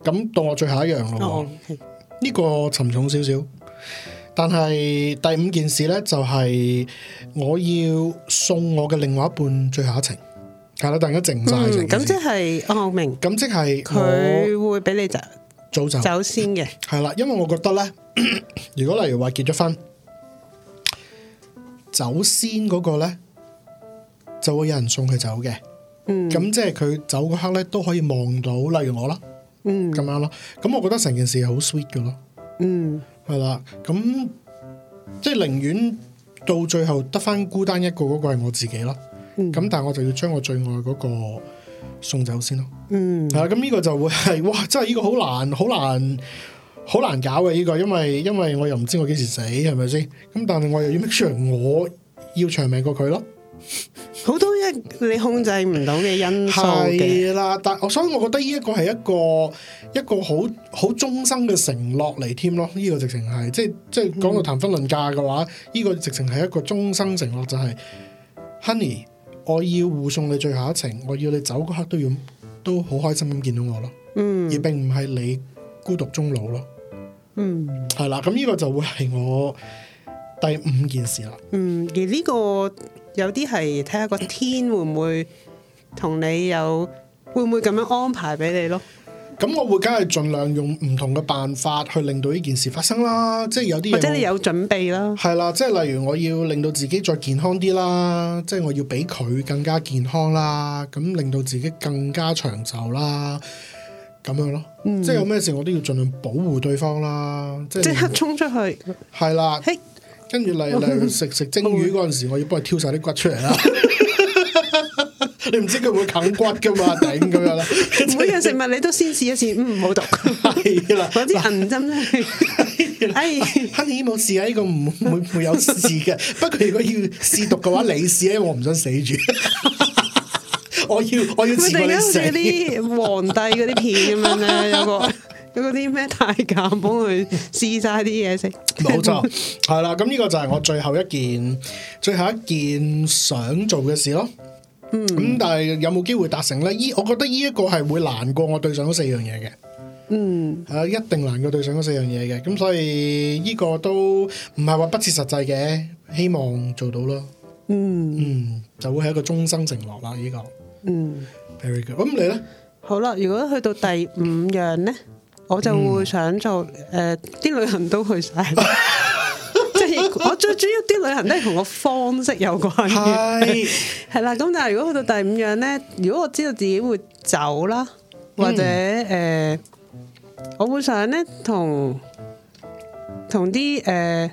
咁到我最後一樣咯。呢 個沉重少少。但係第五件事咧，就係、是、我要送我嘅另外一半最後一程，係啦，突然間靜晒，咁、嗯嗯、即係我明，咁即係佢會俾你就走早走先嘅的，係啦，因為我覺得咧， 如果例如話結咗婚，走先嗰個咧，就會有人送佢走嘅，咁、嗯、即係佢走嗰刻咧都可以望到，例如我啦，嗯，咁樣咯，咁我覺得成件事係好 sweet 嘅咯，嗯。係啦，咁即係寧願到最後得翻孤單一個嗰個係我自己咯。咁、嗯、但係我就要將我最愛嗰個送走先咯。嗯，係啦、啊，咁呢個就會係哇，真係呢個好難，好難，好難搞嘅呢個，因為因為我又唔知我幾時死，係咪先？咁但係我又要 make sure 我要長命過佢咯。好多嘢你控制唔到嘅因素嘅，係啦。但我所以我覺得呢一個係一個一個好好終生嘅承諾嚟添咯。呢個直情係，即係即係講到談婚論嫁嘅話，呢個直情係一個終生承諾，就是，就係 Honey，我要護送你最後一程，我要你走嗰刻都要都好開心咁見到我咯。嗯，而並唔係你孤獨終老咯。嗯，係啦。咁呢個就會係我第五件事啦。嗯，而呢個。有啲係睇下個天會唔會同你有會唔會咁樣安排俾你咯？咁我會梗係盡量用唔同嘅辦法去令到呢件事發生啦，即係有啲或者你有準備啦，係啦，即係例如我要令到自己再健康啲啦，即係我要俾佢更加健康啦，咁令到自己更加長壽啦，咁樣咯，嗯、即係有咩事我都要盡量保護對方啦，即係即刻衝出去，係啦，嘿。跟住嚟嚟食食蒸魚嗰陣時，我要幫佢挑晒啲骨出嚟啦。你唔知佢會啃骨噶嘛？頂咁樣啦。每樣食物你都先試一次，嗯，冇毒。係 啦，攞啲銀針咧。 哎，哼起冇事啊，呢、這個唔會唔會有事嘅。 不過如果要試毒嘅話，你試咧，我唔想死住。 我要我要。佢哋咧好似啲皇帝嗰啲片咁啊。呢個。 嗰啲咩太監幫佢試晒啲嘢食，冇錯，係啦。咁呢個就係我最後一件、嗯、最後一件想做嘅事咯。嗯，咁但係有冇機會達成咧？依，我覺得呢一個係會難過我對上嗰四樣嘢嘅。嗯，啊、嗯，一定難過對上嗰四樣嘢嘅。咁所以呢個都唔係話不切實際嘅，希望做到咯。嗯嗯，就會係一個終生承諾啦。呢、呢個，嗯，very good。咁你咧？好啦，如果去到第五樣咧？我就會想做誒，啲、呃、旅行都去晒， 即係我最主要啲旅行都係同個方式有關嘅，係啦是。咁 但係如果去到第五樣咧，如果我知道自己會走啦，或者誒、呃，我會想咧同同啲誒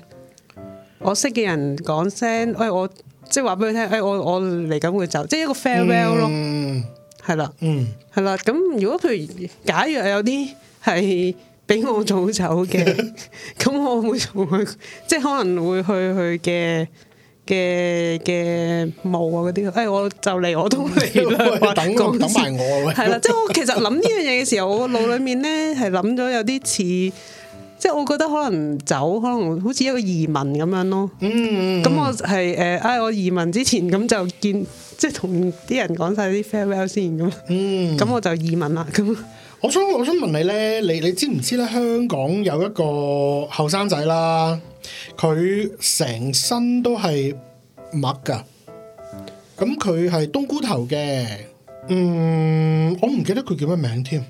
我識嘅人講聲，喂，我即係話俾佢聽，誒、欸、我我嚟緊會走，即係一個 farewell 咯。嗯係啦，嗯，係啦，咁如果譬如假若，假如有啲係俾我早走嘅，咁我會同佢，即係可能會去佢嘅嘅嘅墓啊嗰啲，誒，我就嚟我都嚟啦，等埋我，係 啦樂， 即係我其實諗呢樣嘢嘅時候， 我腦裏面咧係諗咗有啲似，即、就、係、是、我覺得可能走，可能好似一個移民咁樣咯， 嗯， 咁我係誒，啊，我移民之前咁就見。即係同啲人講晒啲 farewell 先咁、嗯，咁我就移民啦。咁 我想我想問你咧，你你知唔知咧，香港有一個後生仔啦，佢成身都係墨噶，咁佢係冬菇頭嘅，嗯，我唔記得佢叫咩名添，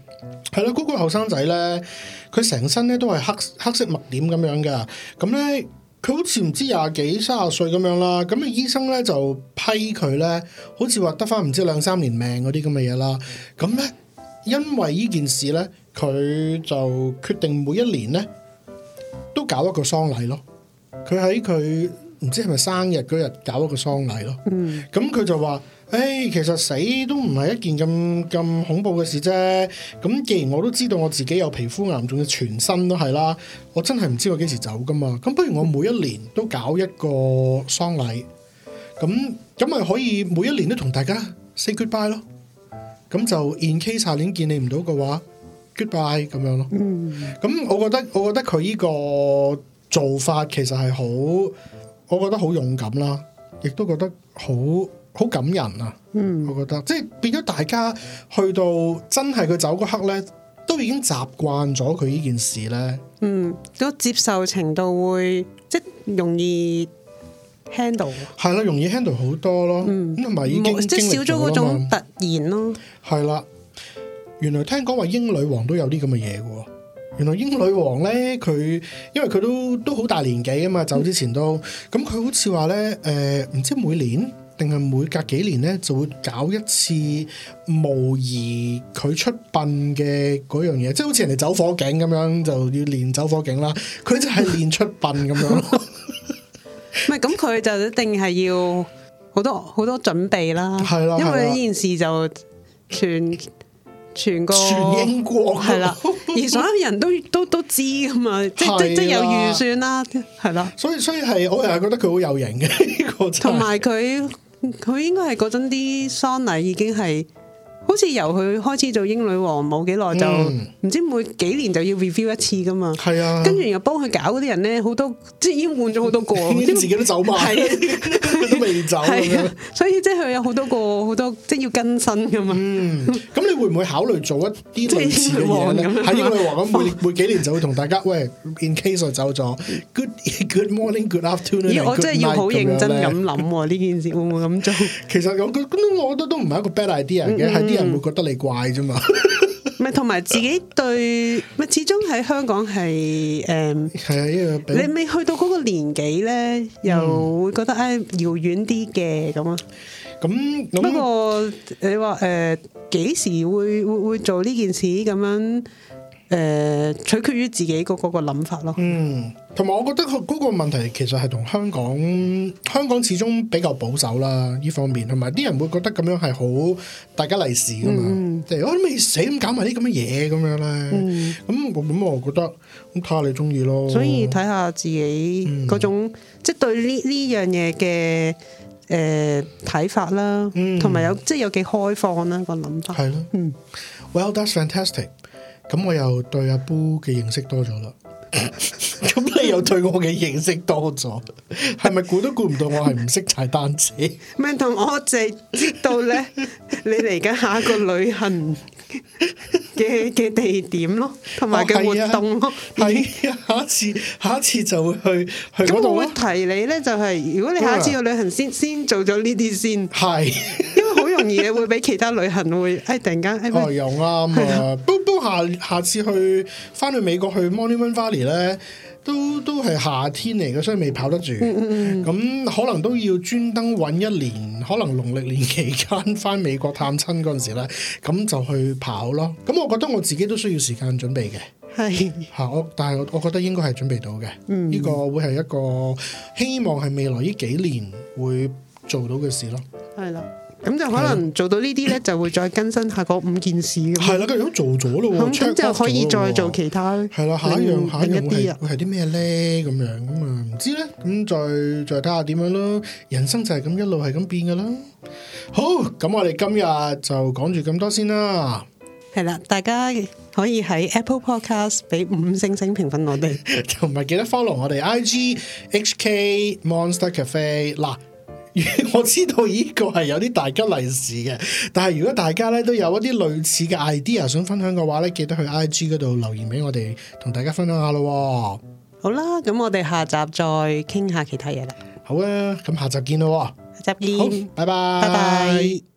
係啦，嗰、嗰個後生仔咧，佢成身咧都係黑黑色墨點咁樣嘅，咁咧。佢好似唔知廿幾三十歲咁樣啦，咁嘅醫生咧就批佢咧，好似話得翻唔知兩三年命嗰啲咁嘅嘢啦。咁咧，因為呢件事咧，佢就決定每一年咧都搞一個喪禮咯。佢喺佢唔知係咪生日嗰日搞一個喪禮咯。嗯，咁佢就話。誒、哎，其實死都唔係一件咁咁恐怖嘅事啫。咁既然我都知道我自己有皮膚癌，仲要全身都係啦，我真係唔知我幾時走噶嘛。咁不如我每一年都搞一個喪禮，咁咁咪可以每一年都同大家 say goodbye 咯。咁就 in case 下年見你唔到嘅話，goodbye 咁樣咯。嗯。咁我覺得，我覺得佢呢個做法其實係好，我覺得好勇敢啦，亦都覺得好。好感人啊！嗯，我覺得即係變咗大家去到真係佢走嗰刻咧，都已經習慣咗佢呢件事咧。嗯，都接受程度會即係容易 handle。係啦，容易 handle 好多咯。嗯，同埋已經、嗯、即係少咗嗰種突然咯。係啦、嗯，原來聽講話英女王都有啲咁嘅嘢嘅喎。原來英女王咧，佢因為佢都都好大年紀啊嘛，走之前都咁佢好似話咧，誒、呃，唔知每年。定係每隔幾年咧，就會搞一次模擬佢出殯嘅嗰樣嘢，即係好似人哋走火警咁樣，就要練走火警啦。佢就係練出殯咁樣。唔係咁，佢就一定係要好多好多準備啦。係啦，因為呢件事就全全個 全英國係 啦，而所有人都都都知噶嘛。即啦即即有預算、啊、啦，係咯。所以所以係，我又係覺得佢好有型嘅呢個，同埋佢。佢應該係嗰陣啲喪禮已經係。好似由佢開始做英女王冇幾耐就唔知每幾年就要 review 一次噶嘛，係啊，跟住又幫佢搞嗰啲人咧，好多即已經換咗好多個，自己都走埋，佢都未走，所以即係佢有好多個好多即係要更新噶嘛。咁你會唔會考慮做一啲類似嘅嘢咧？喺英女皇咁每每幾年就會同大家喂，in case 我走咗，good good morning，good afternoon。我真係要好認真咁諗喎，呢件事會唔會咁做？其實我覺得都唔係一個 bad idea 嘅。啲人會覺得你怪啫嘛，咪同埋自己對咪始終喺香港係誒，係、呃、啊，呢個你未去到嗰個年紀咧，又會覺得誒遙遠啲嘅咁啊。咁不過你話誒，幾、呃、時會會會做呢件事咁樣？誒、呃、取決於自己嗰嗰、嗰個諗法咯。嗯，同埋我覺得嗰個問題其實係同香港香港始終比較保守啦，呢方面同埋啲人會覺得咁樣係好大吉利是噶嘛，即係我都未死咁搞埋啲咁嘅嘢咁樣咧。咁咁我覺得咁睇下你中意咯。所以睇下自己嗰種、嗯、即係對呢呢樣嘢嘅誒睇法啦，同埋、嗯、有，有即係有幾開放啦、啊嗰個諗法。係咯、嗯嗯、Well that's fantastic. 咁我又對阿 Bo 嘅認識多咗啦，咁 你又對我嘅認識多咗，係咪估都估唔到我係唔識踩單車？咩同 我直知道咧？ 你嚟緊下一個旅行嘅嘅地點咯，同埋嘅活動咯，係、哦、啊，啊，下一次下一次就會去去咁 我會提你咧，就係、是、如果你下一次去旅行先、啊、先做咗呢啲先。係。嘢會比其他旅行會，哎，突然間，又啱啊！不不，下下次去翻去美國去 Monument Valley 咧，都都係夏天嚟嘅，所以未跑得住。咁、 嗯嗯、可能都要專登揾一年，可能農曆年期間翻美國探親嗰陣時咧，咁就去跑咯。咁我覺得我自己都需要時間準備嘅，係的，吓我，但係我我覺得應該係準備到嘅。呢、嗯、個會係一個希望係未來呢幾年會做到嘅事咯。係啦、嗯。咁就可能做到呢啲咧，就會再更新下嗰五件事。係啦、嗯，咁如果做咗咯，咁就可以再做其他。係啦，下一,一樣下一啲啊，會係啲咩咧？咁樣咁啊，唔知咧。咁再再睇下點樣咯。人生就係咁一路係咁變噶啦。好，咁我哋今日就講住咁多先啦。係啦，大家可以喺 Apple Podcast 俾五星星評分我哋，同埋 記得 follow 我哋 IG HK Monster Cafe 嗱。 我知道呢個係有啲大吉利事嘅，但係如果大家咧都有一啲類似嘅 idea 想分享嘅話咧，記得去 IG 嗰度留言俾我哋，同大家分享下咯。好啦，咁我哋下集再傾下其他嘢啦。好啊，咁下集見咯。下集見，拜拜，拜拜。Bye bye